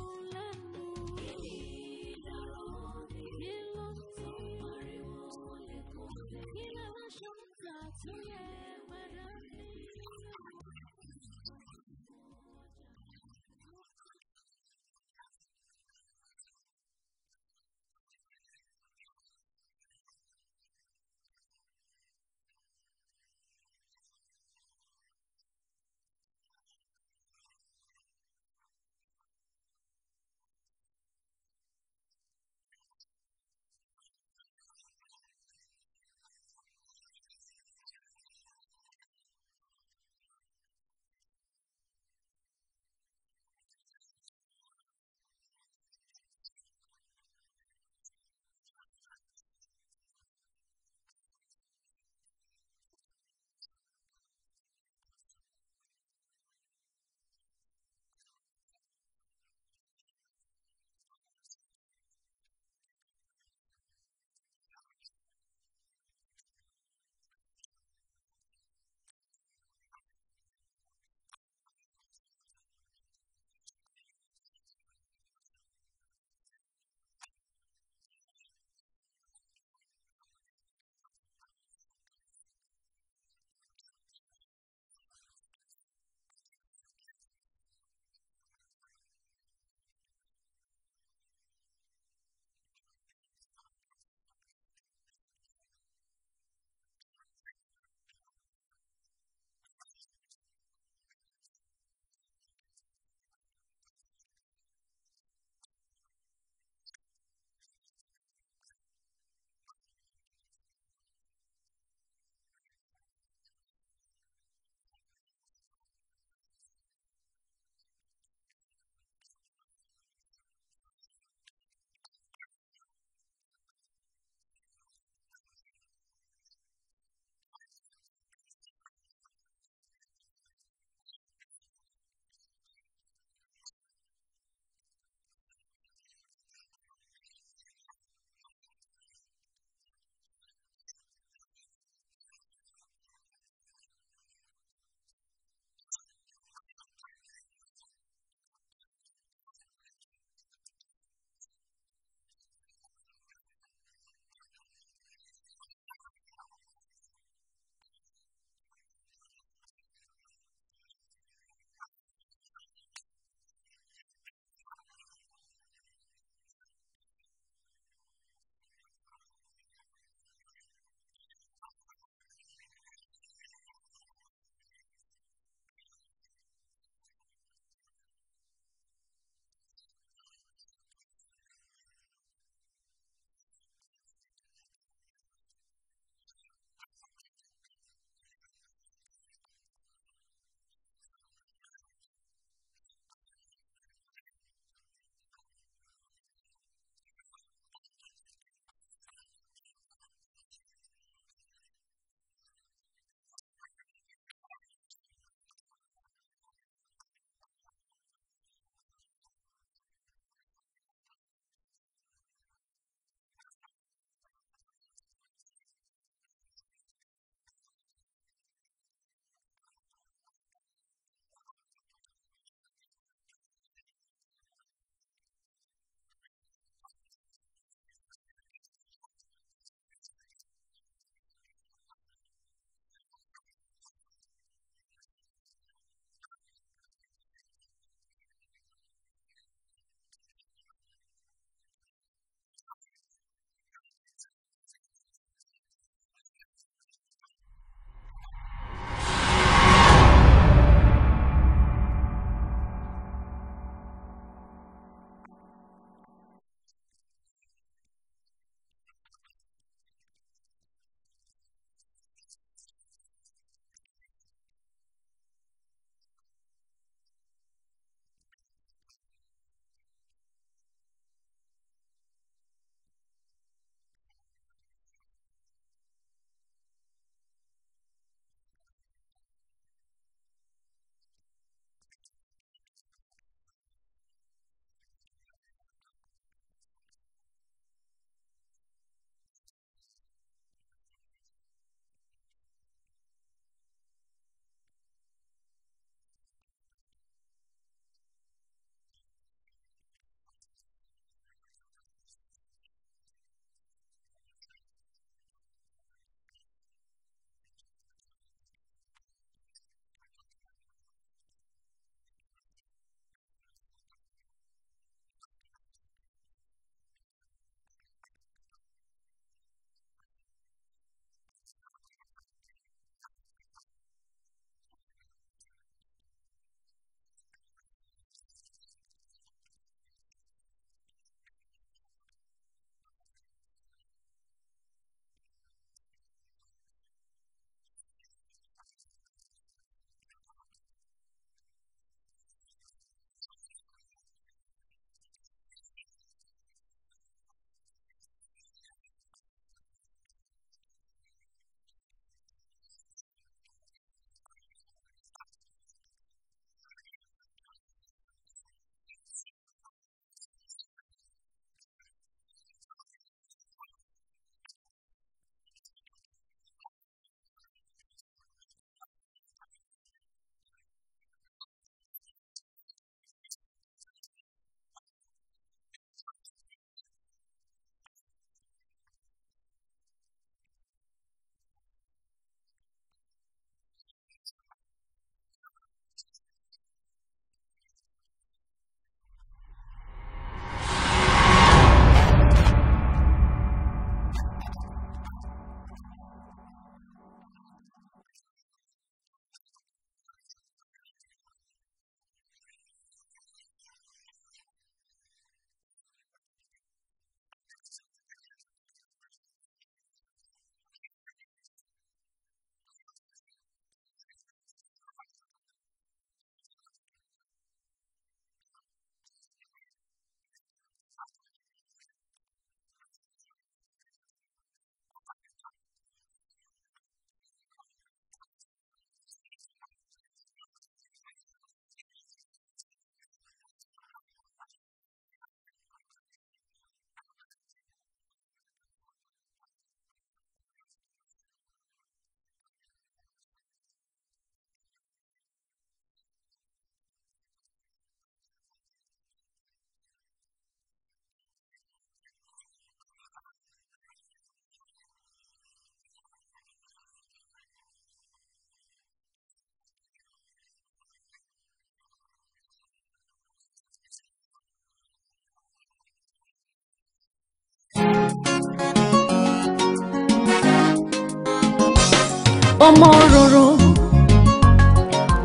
ọmọ roro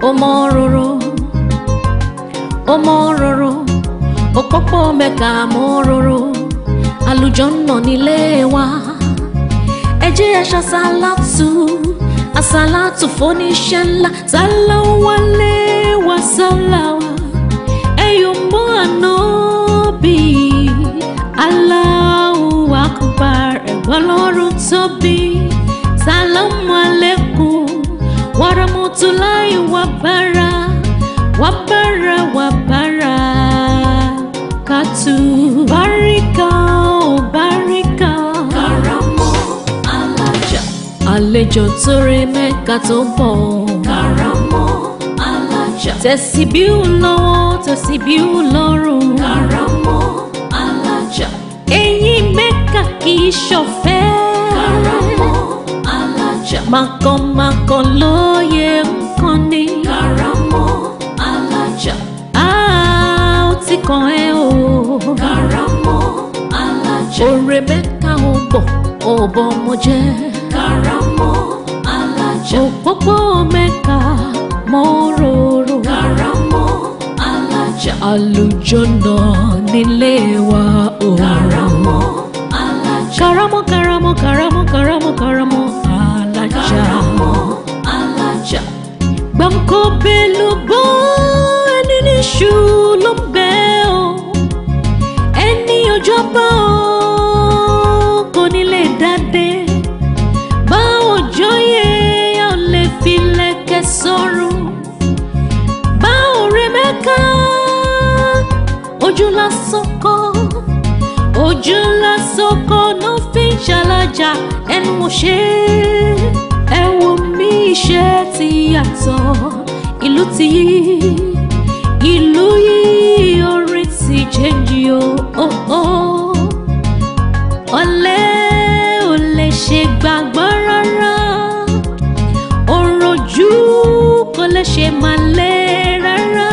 ọmọ roro ọmọ roro òpópó mẹ́ka mọ́ roro àlùjànnà nílé wa ẹ jẹ́ ẹ ṣe àsálàtù àsálàtù fóníṣẹ́ ńlá sálàwálé wa sálàwá ẹ̀yọ́ mọ́ àná bíi aláwọ̀ bàbá rẹ̀ wọ́n lọ́rùn tóbi sálámù alẹ́kùn wabara wabara. Katu wà bára wà bára kàtú. báríkà ó báríkà. karamọ́ alájà. àlejò tó rí mẹ́ka tó bọ̀. karamọ́ alájà kódà kì í ṣọ̀fẹ́. Karamo alájà. Màkànmàkàn ló yẹ Karamo alájà. Àá ó ti kàn ẹ́ o. Karamo alájà. Òrè mẹ́ta ò bọ̀ ò bọ̀ mo jẹ́. Karamo alájà. Òpópó mẹ́ka mo rorò. Karamo alájà. Àlùjọ náà nílé wa o. Karamo alájà karamo karamo karamo karamo karamo alájà karamo alájà. gbàǹkó bẹ́lú bọ́ ẹni níṣu ló ń o ọ ẹni ọjọ́ bá ọ kò ní lè dáadé bá òjò yẹ a ò lè fi lẹ́kẹ̀ sọ́run bá òrè mẹ́ka ojú lásán kọ́ ojú lásán kọ́ ni fi ń ṣalájà ẹnu mo ṣe ẹ wo mi iṣẹ́ ti yàtọ̀ ìlú ti yí ìlú yí orin ti jẹ́jì o oh, oh. ọ̀lẹ ò lè ṣe gbàgbọ́ rárá òròjú kò lè ṣe máa lé rárá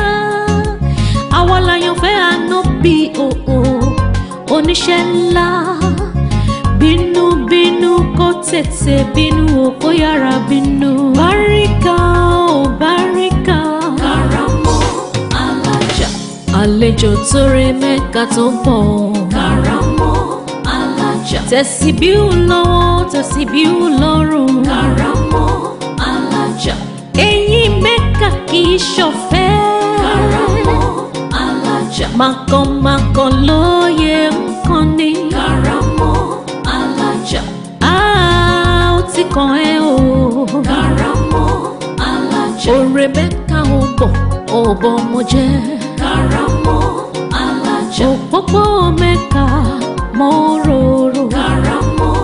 àwa la fẹ́ àná bí òun oníṣẹ́ ńlá. tètè bínú o kó yára bínú. báríkà o báríkà. Karamo, alaja. àlejò tó re mẹ́ka tó ń bọ̀. karamọ́ alájà. tẹ̀síbíù lọ́wọ́ tẹ̀síbíù lọ́rùn. karamọ́ alájà. eyín mẹ́ka kì í ṣọ̀fẹ́. karamọ́ alájà. makọ̀makọ̀ lóye. kan ẹ o. Kàràmọ́ alájẹ. O Rebecca o bọ̀ o bọ̀ mo jẹ́. Kàràmọ́ alájẹ. Òpópó mẹ́ka mo rorò. Kàràmọ́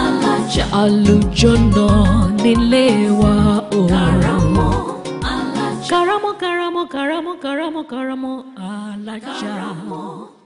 alájẹ. Àlùjọ̀nà nílé wa o. Kàràmọ́ alájẹ. Kàràmọ́ kàràmọ́ kàràmọ́ kàràmọ́ kàràmọ́ alájà. Kàràmọ́